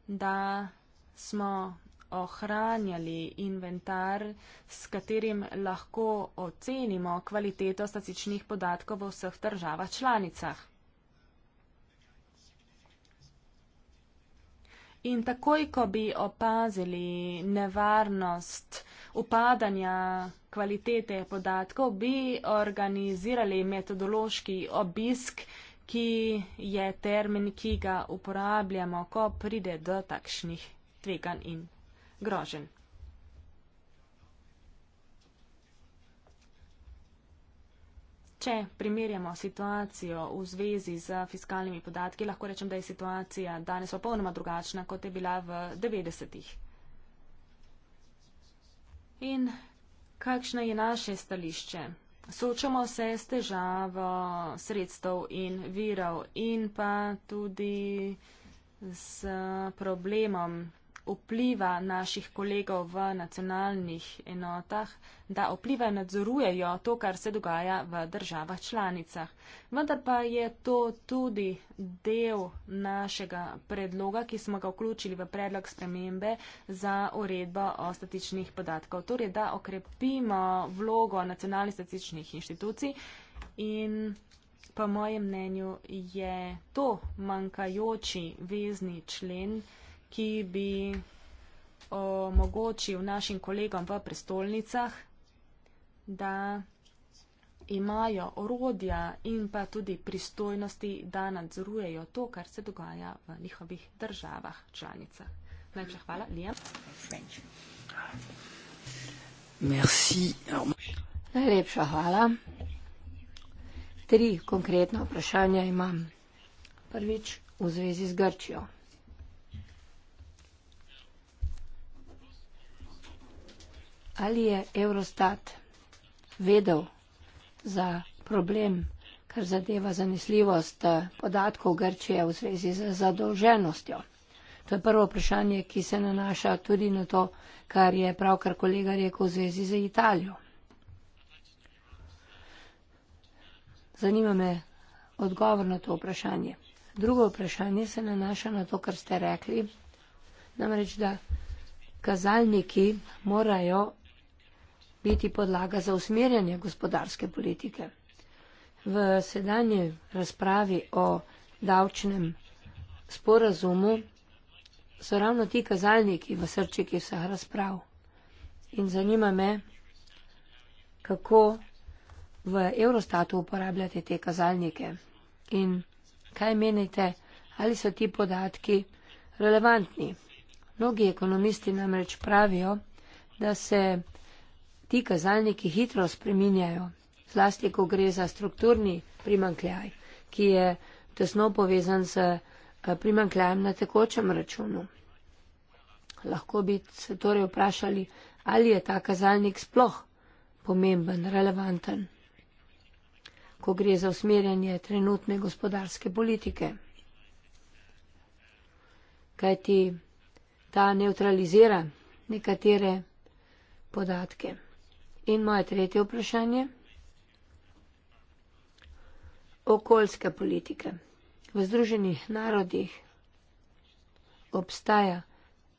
da smo ohranjali inventar, s katerim lahko ocenimo kvaliteto statičnih podatkov v vseh državah članicah. In takoj, ko bi opazili nevarnost upadanja kvalitete podatkov, bi organizirali metodološki obisk, ki je termin, ki ga uporabljamo, ko pride do takšnih tveganj in grožen. Če primerjamo situacijo v zvezi z fiskalnimi podatki, lahko rečem, da je situacija danes popolnoma drugačna, kot je bila v 90-ih. In kakšno je naše stališče? Soočamo se s težavo sredstev in virov in pa tudi s problemom vpliva naših kolegov v nacionalnih enotah, da vplivajo in nadzorujejo to, kar se dogaja v državah članicah. Vendar pa je to tudi del našega predloga, ki smo ga vključili v predlog spremembe za uredbo o statičnih podatkov. Torej, da okrepimo vlogo nacionalnih statičnih inštitucij in. Po mojem mnenju je to manjkajoči vezni člen ki bi omogočil našim kolegom v prestolnicah, da imajo orodja in pa tudi pristojnosti, da nadzorujejo to, kar se dogaja v njihovih državah članicah. Najlepša hvala, Lija. Najlepša hvala. Tri konkretna vprašanja imam. Prvič v zvezi z Grčijo. ali je Eurostat vedel za problem, kar zadeva zanesljivost eh, podatkov Grčije v zvezi z zadolženostjo. To je prvo vprašanje, ki se nanaša tudi na to, kar je pravkar kolega rekel v zvezi z Italijo. Zanima me odgovor na to vprašanje. Drugo vprašanje se nanaša na to, kar ste rekli, namreč da kazalniki morajo biti podlaga za usmerjanje gospodarske politike. V sedanji razpravi o davčnem sporazumu so ravno ti kazalniki v srčiki vseh razprav. In zanima me, kako v Eurostatu uporabljate te kazalnike in kaj menite, ali so ti podatki relevantni. Mnogi ekonomisti namreč pravijo, da se ti kazalniki hitro spreminjajo, zlasti ko gre za strukturni primankljaj, ki je tesno povezan z eh, primankljajem na tekočem računu. Lahko bi se torej vprašali, ali je ta kazalnik sploh pomemben, relevanten, ko gre za usmerjanje trenutne gospodarske politike. Kajti ta neutralizira nekatere podatke. In moje tretje vprašanje. Okoljska politika. V Združenih narodih obstaja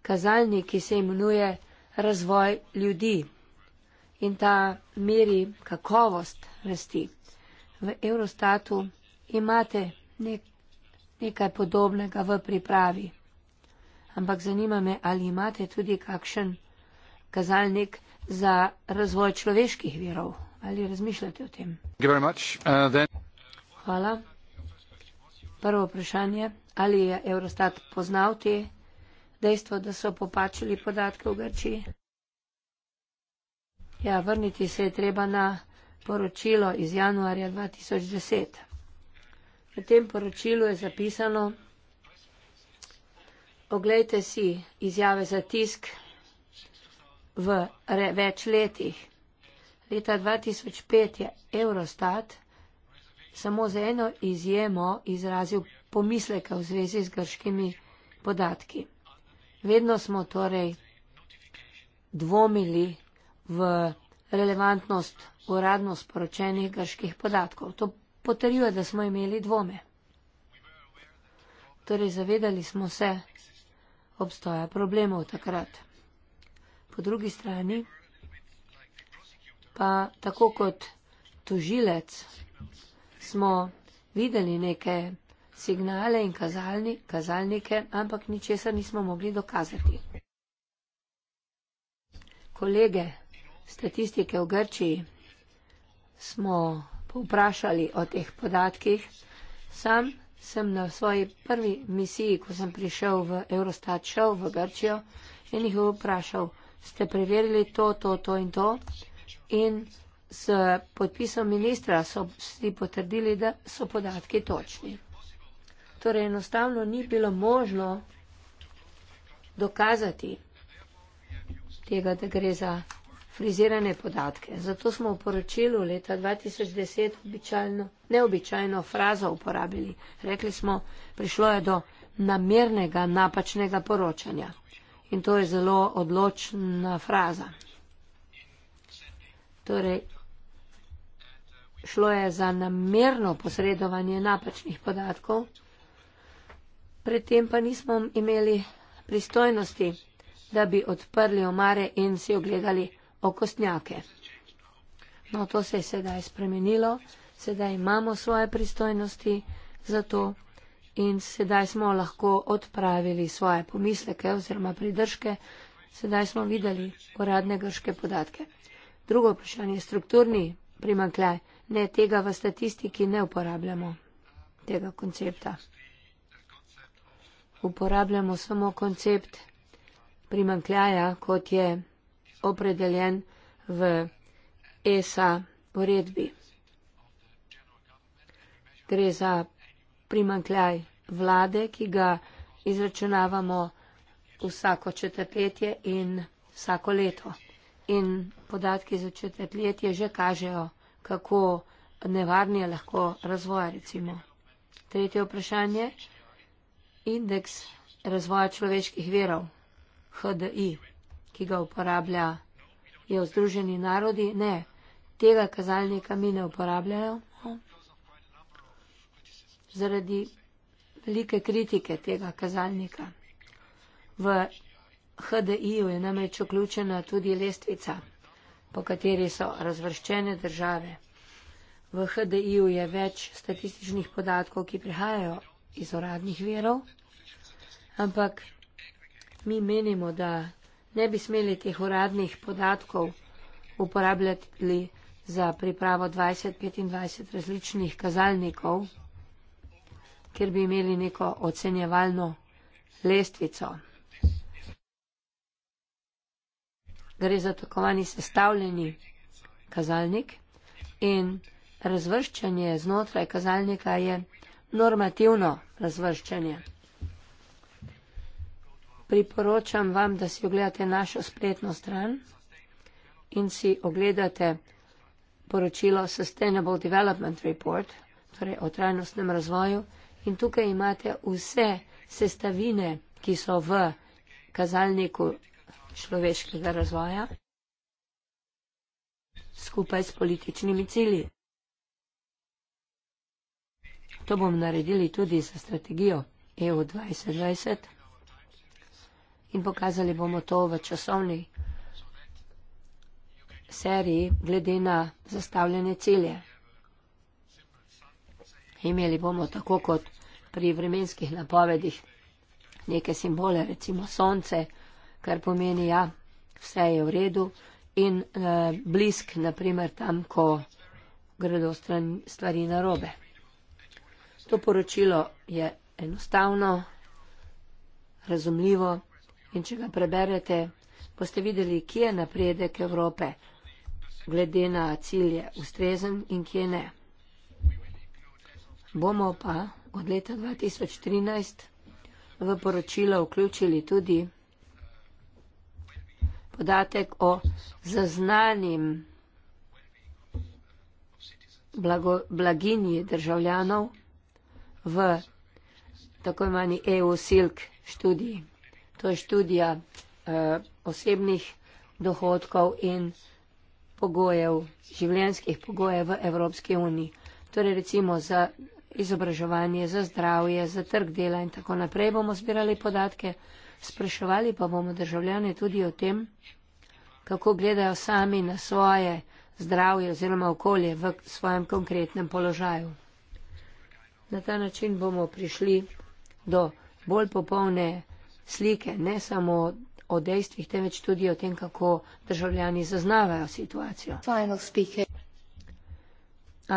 kazalnik, ki se imenuje razvoj ljudi in ta meri kakovost rasti. V Eurostatu imate nek, nekaj podobnega v pripravi, ampak zanima me, ali imate tudi kakšen kazalnik, za razvoj človeških virov. Ali razmišljate o tem? Uh, Hvala. Prvo vprašanje, ali je Eurostat poznal te dejstvo, da so popačili podatke v Grčiji? Ja, vrniti se je treba na poročilo iz januarja 2010. V tem poročilu je zapisano, oglejte si izjave za tisk v re, več letih. Leta 2005 je Eurostat samo za eno izjemo izrazil pomisleka v zvezi z grškimi podatki. Vedno smo torej dvomili v relevantnost uradno sporočenih grških podatkov. To potrjuje, da smo imeli dvome. Torej, zavedali smo se obstoja problemov takrat po drugi strani pa tako kot tožilec smo videli neke signale in kazalni, kazalnike, ampak ničesar nismo mogli dokazati. Kolege statistike v Grčiji smo povprašali o teh podatkih. Sam sem na svoji prvi misiji, ko sem prišel v Eurostat, šel v Grčijo in jih vprašal, ste preverili to, to, to in to. In s podpisom ministra so si potrdili, da so podatki točni. Torej enostavno ni bilo možno dokazati tega, da gre za frizirane podatke. Zato smo v poročilu leta 2010 običajno, neobičajno frazo uporabili. Rekli smo, prišlo je do namernega napačnega poročanja. In to je zelo odločna fraza. Torej, šlo je za namerno posredovanje napačnih podatkov, predtem pa nismo imeli pristojnosti, da bi odprli omare in si ogledali okostnjake. No, to se je sedaj spremenilo, sedaj imamo svoje pristojnosti za to in sedaj smo lahko odpravili svoje pomisleke oziroma pridržke. Sedaj smo videli uradne grške podatke. Drugo vprašanje je strukturni primankljaj. Ne, tega v statistiki ne uporabljamo, tega koncepta. Uporabljamo samo koncept primankljaja, kot je opredeljen v ESA uredbi. Gre za primankljaj vlade, ki ga izračunavamo vsako četrtletje in vsako leto. In podatki za četrtletje že kažejo, kako nevarni je lahko razvoj, recimo. Tretje vprašanje. Indeks razvoja človeških verov, HDI, ki ga uporablja je v Združeni narodi. Ne, tega kazalnika mi ne uporabljajo zaradi velike kritike tega kazalnika. V HDI-ju je namreč vključena tudi lestvica, po kateri so razvrščene države. V HDI-ju je več statističnih podatkov, ki prihajajo iz uradnih verov, ampak mi menimo, da ne bi smeli teh uradnih podatkov uporabljati za pripravo 20-25 različnih kazalnikov kjer bi imeli neko ocenjevalno lestvico. Gre za tako imenovani sestavljeni kazalnik in razvrščanje znotraj kazalnika je normativno razvrščanje. Priporočam vam, da si ogledate našo spletno stran in si ogledate poročilo Sustainable Development Report, torej o trajnostnem razvoju. In tukaj imate vse sestavine, ki so v kazalniku človeškega razvoja skupaj s političnimi cilji. To bom naredili tudi za strategijo EU 2020 in pokazali bomo to v časovni seriji glede na zastavljene cilje. Imeli bomo tako kot pri vremenskih napovedih neke simbole, recimo sonce, kar pomeni, ja, vse je v redu in e, blisk, naprimer tam, ko gredo stvari na robe. To poročilo je enostavno, razumljivo in če ga preberete, boste videli, kje je napredek Evrope glede na cilje ustrezen in kje ne. Bomo pa od leta 2013 v poročilo vključili tudi podatek o zaznanim blago, blaginji državljanov v tako imani EU Silk študiji. To je študija eh, osebnih dohodkov in pogojev, življenskih pogojev v Evropski uniji. Torej recimo za izobraževanje, za zdravje, za trg dela in tako naprej bomo zbirali podatke. Spraševali pa bomo državljane tudi o tem, kako gledajo sami na svoje zdravje oziroma okolje v svojem konkretnem položaju. Na ta način bomo prišli do bolj popolne slike, ne samo o dejstvih, temveč tudi o tem, kako državljani zaznavajo situacijo.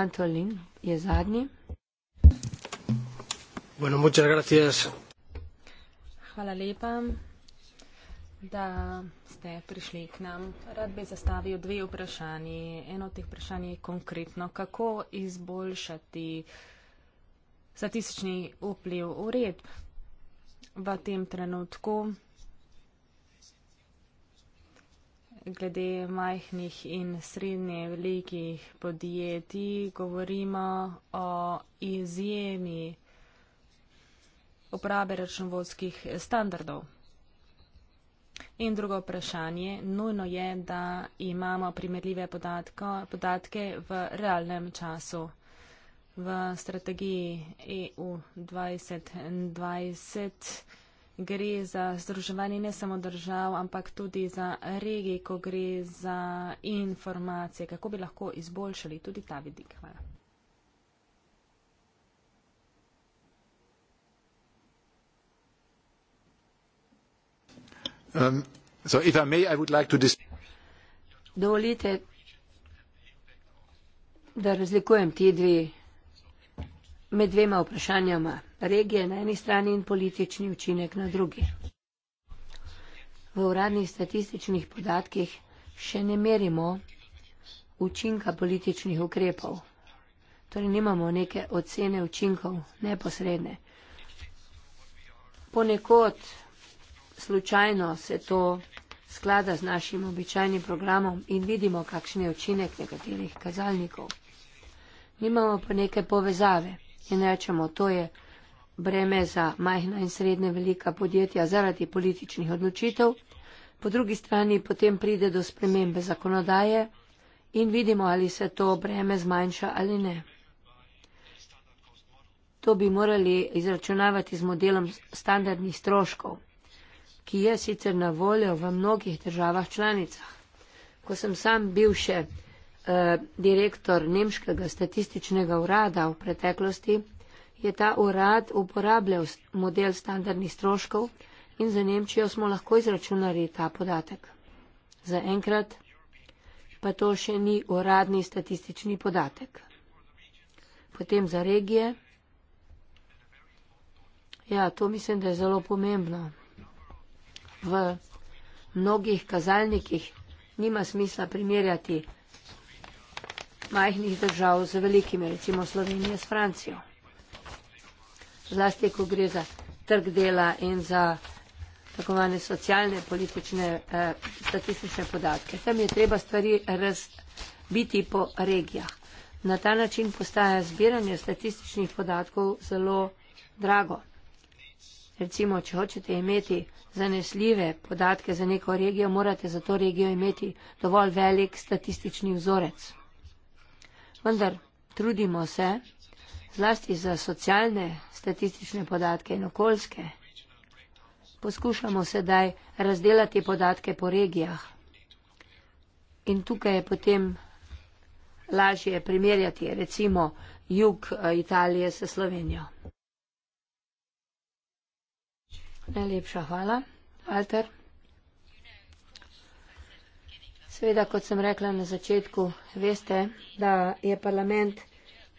Antolin je zadnji. Bueno, muchas gracias. Hvala lepa, da ste prišli k nam. Rad bi zastavil dve vprašanji. Eno od teh vprašanj je konkretno, kako izboljšati statistični vpliv uredb v tem trenutku glede majhnih in srednje velikih podjetij. Govorimo o izjemi uporabe računovodskih standardov. In drugo vprašanje, nujno je, da imamo primerljive podatko, podatke v realnem času. V strategiji EU 2020 gre za združevanje ne samo držav, ampak tudi za regije, ko gre za informacije. Kako bi lahko izboljšali tudi ta vidik? Hvala. Um, dovolite da razlikujem ti dve med dvema vprašanjema regije na eni strani in politični učinek na drugi v uradnih statističnih podatkih še ne merimo učinka političnih ukrepov torej nimamo neke ocene učinkov neposredne ponekod slučajno se to sklada z našim običajnim programom in vidimo, kakšen je učinek nekaterih kazalnikov. Nimamo pa neke povezave in rečemo, to je breme za majhna in srednje velika podjetja zaradi političnih odločitev. Po drugi strani potem pride do spremembe zakonodaje in vidimo, ali se to breme zmanjša ali ne. To bi morali izračunavati z modelom standardnih stroškov ki je sicer na voljo v mnogih državah članicah. Ko sem sam bil še eh, direktor Nemškega statističnega urada v preteklosti, je ta urad uporabljal model standardnih stroškov in za Nemčijo smo lahko izračunali ta podatek. Za enkrat pa to še ni uradni statistični podatek. Potem za regije. Ja, to mislim, da je zelo pomembno v mnogih kazalnikih nima smisla primerjati majhnih držav z velikimi, recimo Slovenije s Francijo. Zlasti, ko gre za trg dela in za tako vane socialne, politične, eh, statistične podatke. Tam je treba stvari razbiti po regijah. Na ta način postaja zbiranje statističnih podatkov zelo drago. Recimo, če hočete imeti zanesljive podatke za neko regijo, morate za to regijo imeti dovolj velik statistični vzorec. Vendar trudimo se, zlasti za socialne statistične podatke in okoljske, poskušamo sedaj razdelati podatke po regijah. In tukaj je potem lažje primerjati recimo jug eh, Italije s Slovenijo. Najlepša hvala. Alter. Sveda, kot sem rekla na začetku, veste, da je parlament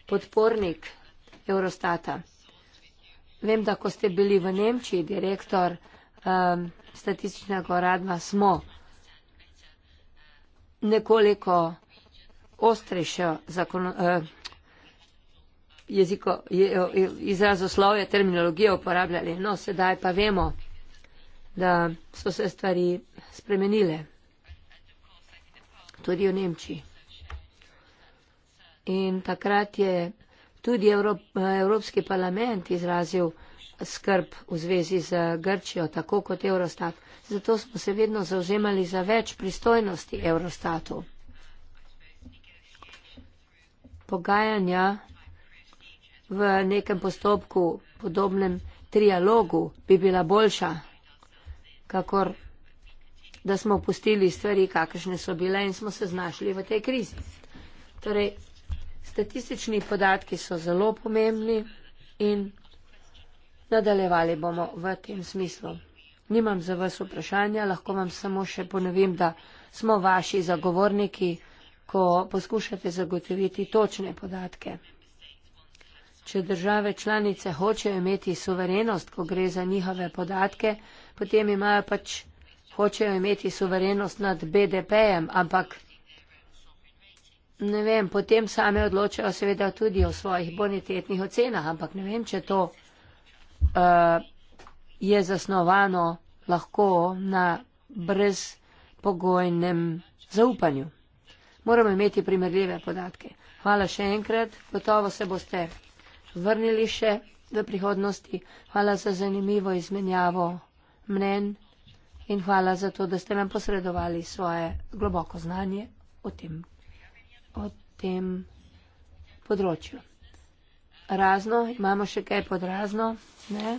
podpornik Eurostata. Vem, da ko ste bili v Nemčiji, direktor um, statističnega uradva, smo nekoliko ostrejšo zakonodajo. Uh, eh, jeziko, je, izrazoslovje, terminologije uporabljali. No, sedaj pa vemo, da so se stvari spremenile. Tudi v Nemčiji. In takrat je tudi Evrop, Evropski parlament izrazil skrb v zvezi z Grčijo, tako kot Eurostat. Zato smo se vedno zauzemali za več pristojnosti Eurostatu. Pogajanja v nekem postopku, podobnem trialogu, bi bila boljša, kakor da smo opustili stvari, kakršne so bile in smo se znašli v tej krizi. Torej, statistični podatki so zelo pomembni in nadaljevali bomo v tem smislu. Nimam za vas vprašanja, lahko vam samo še ponovim, da smo vaši zagovorniki, ko poskušate zagotoviti točne podatke. Če države članice hočejo imeti suverenost, ko gre za njihove podatke, potem imajo pač hočejo imeti suverenost nad BDP-jem, ampak ne vem, potem same odločajo seveda tudi o svojih bonitetnih ocenah, ampak ne vem, če to uh, je zasnovano lahko na brezpogojnem zaupanju. Moramo imeti primerljive podatke. Hvala še enkrat, gotovo se boste vrnili še v prihodnosti. Hvala za zanimivo izmenjavo mnen in hvala za to, da ste nam posredovali svoje globoko znanje o tem, o tem področju. Razno, imamo še kaj pod razno. Ne?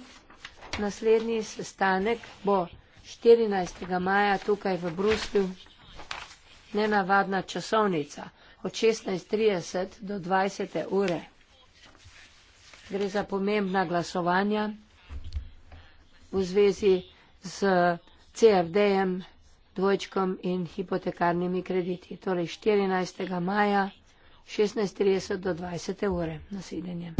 Naslednji sestanek bo 14. maja tukaj v Bruslju. Nenavadna časovnica od 16.30 do 20. ure gre za pomembna glasovanja v zvezi z CFD-jem, dvojčkom in hipotekarnimi krediti. Torej 14. maja 16.30 do 20. ure. Nasvidenje.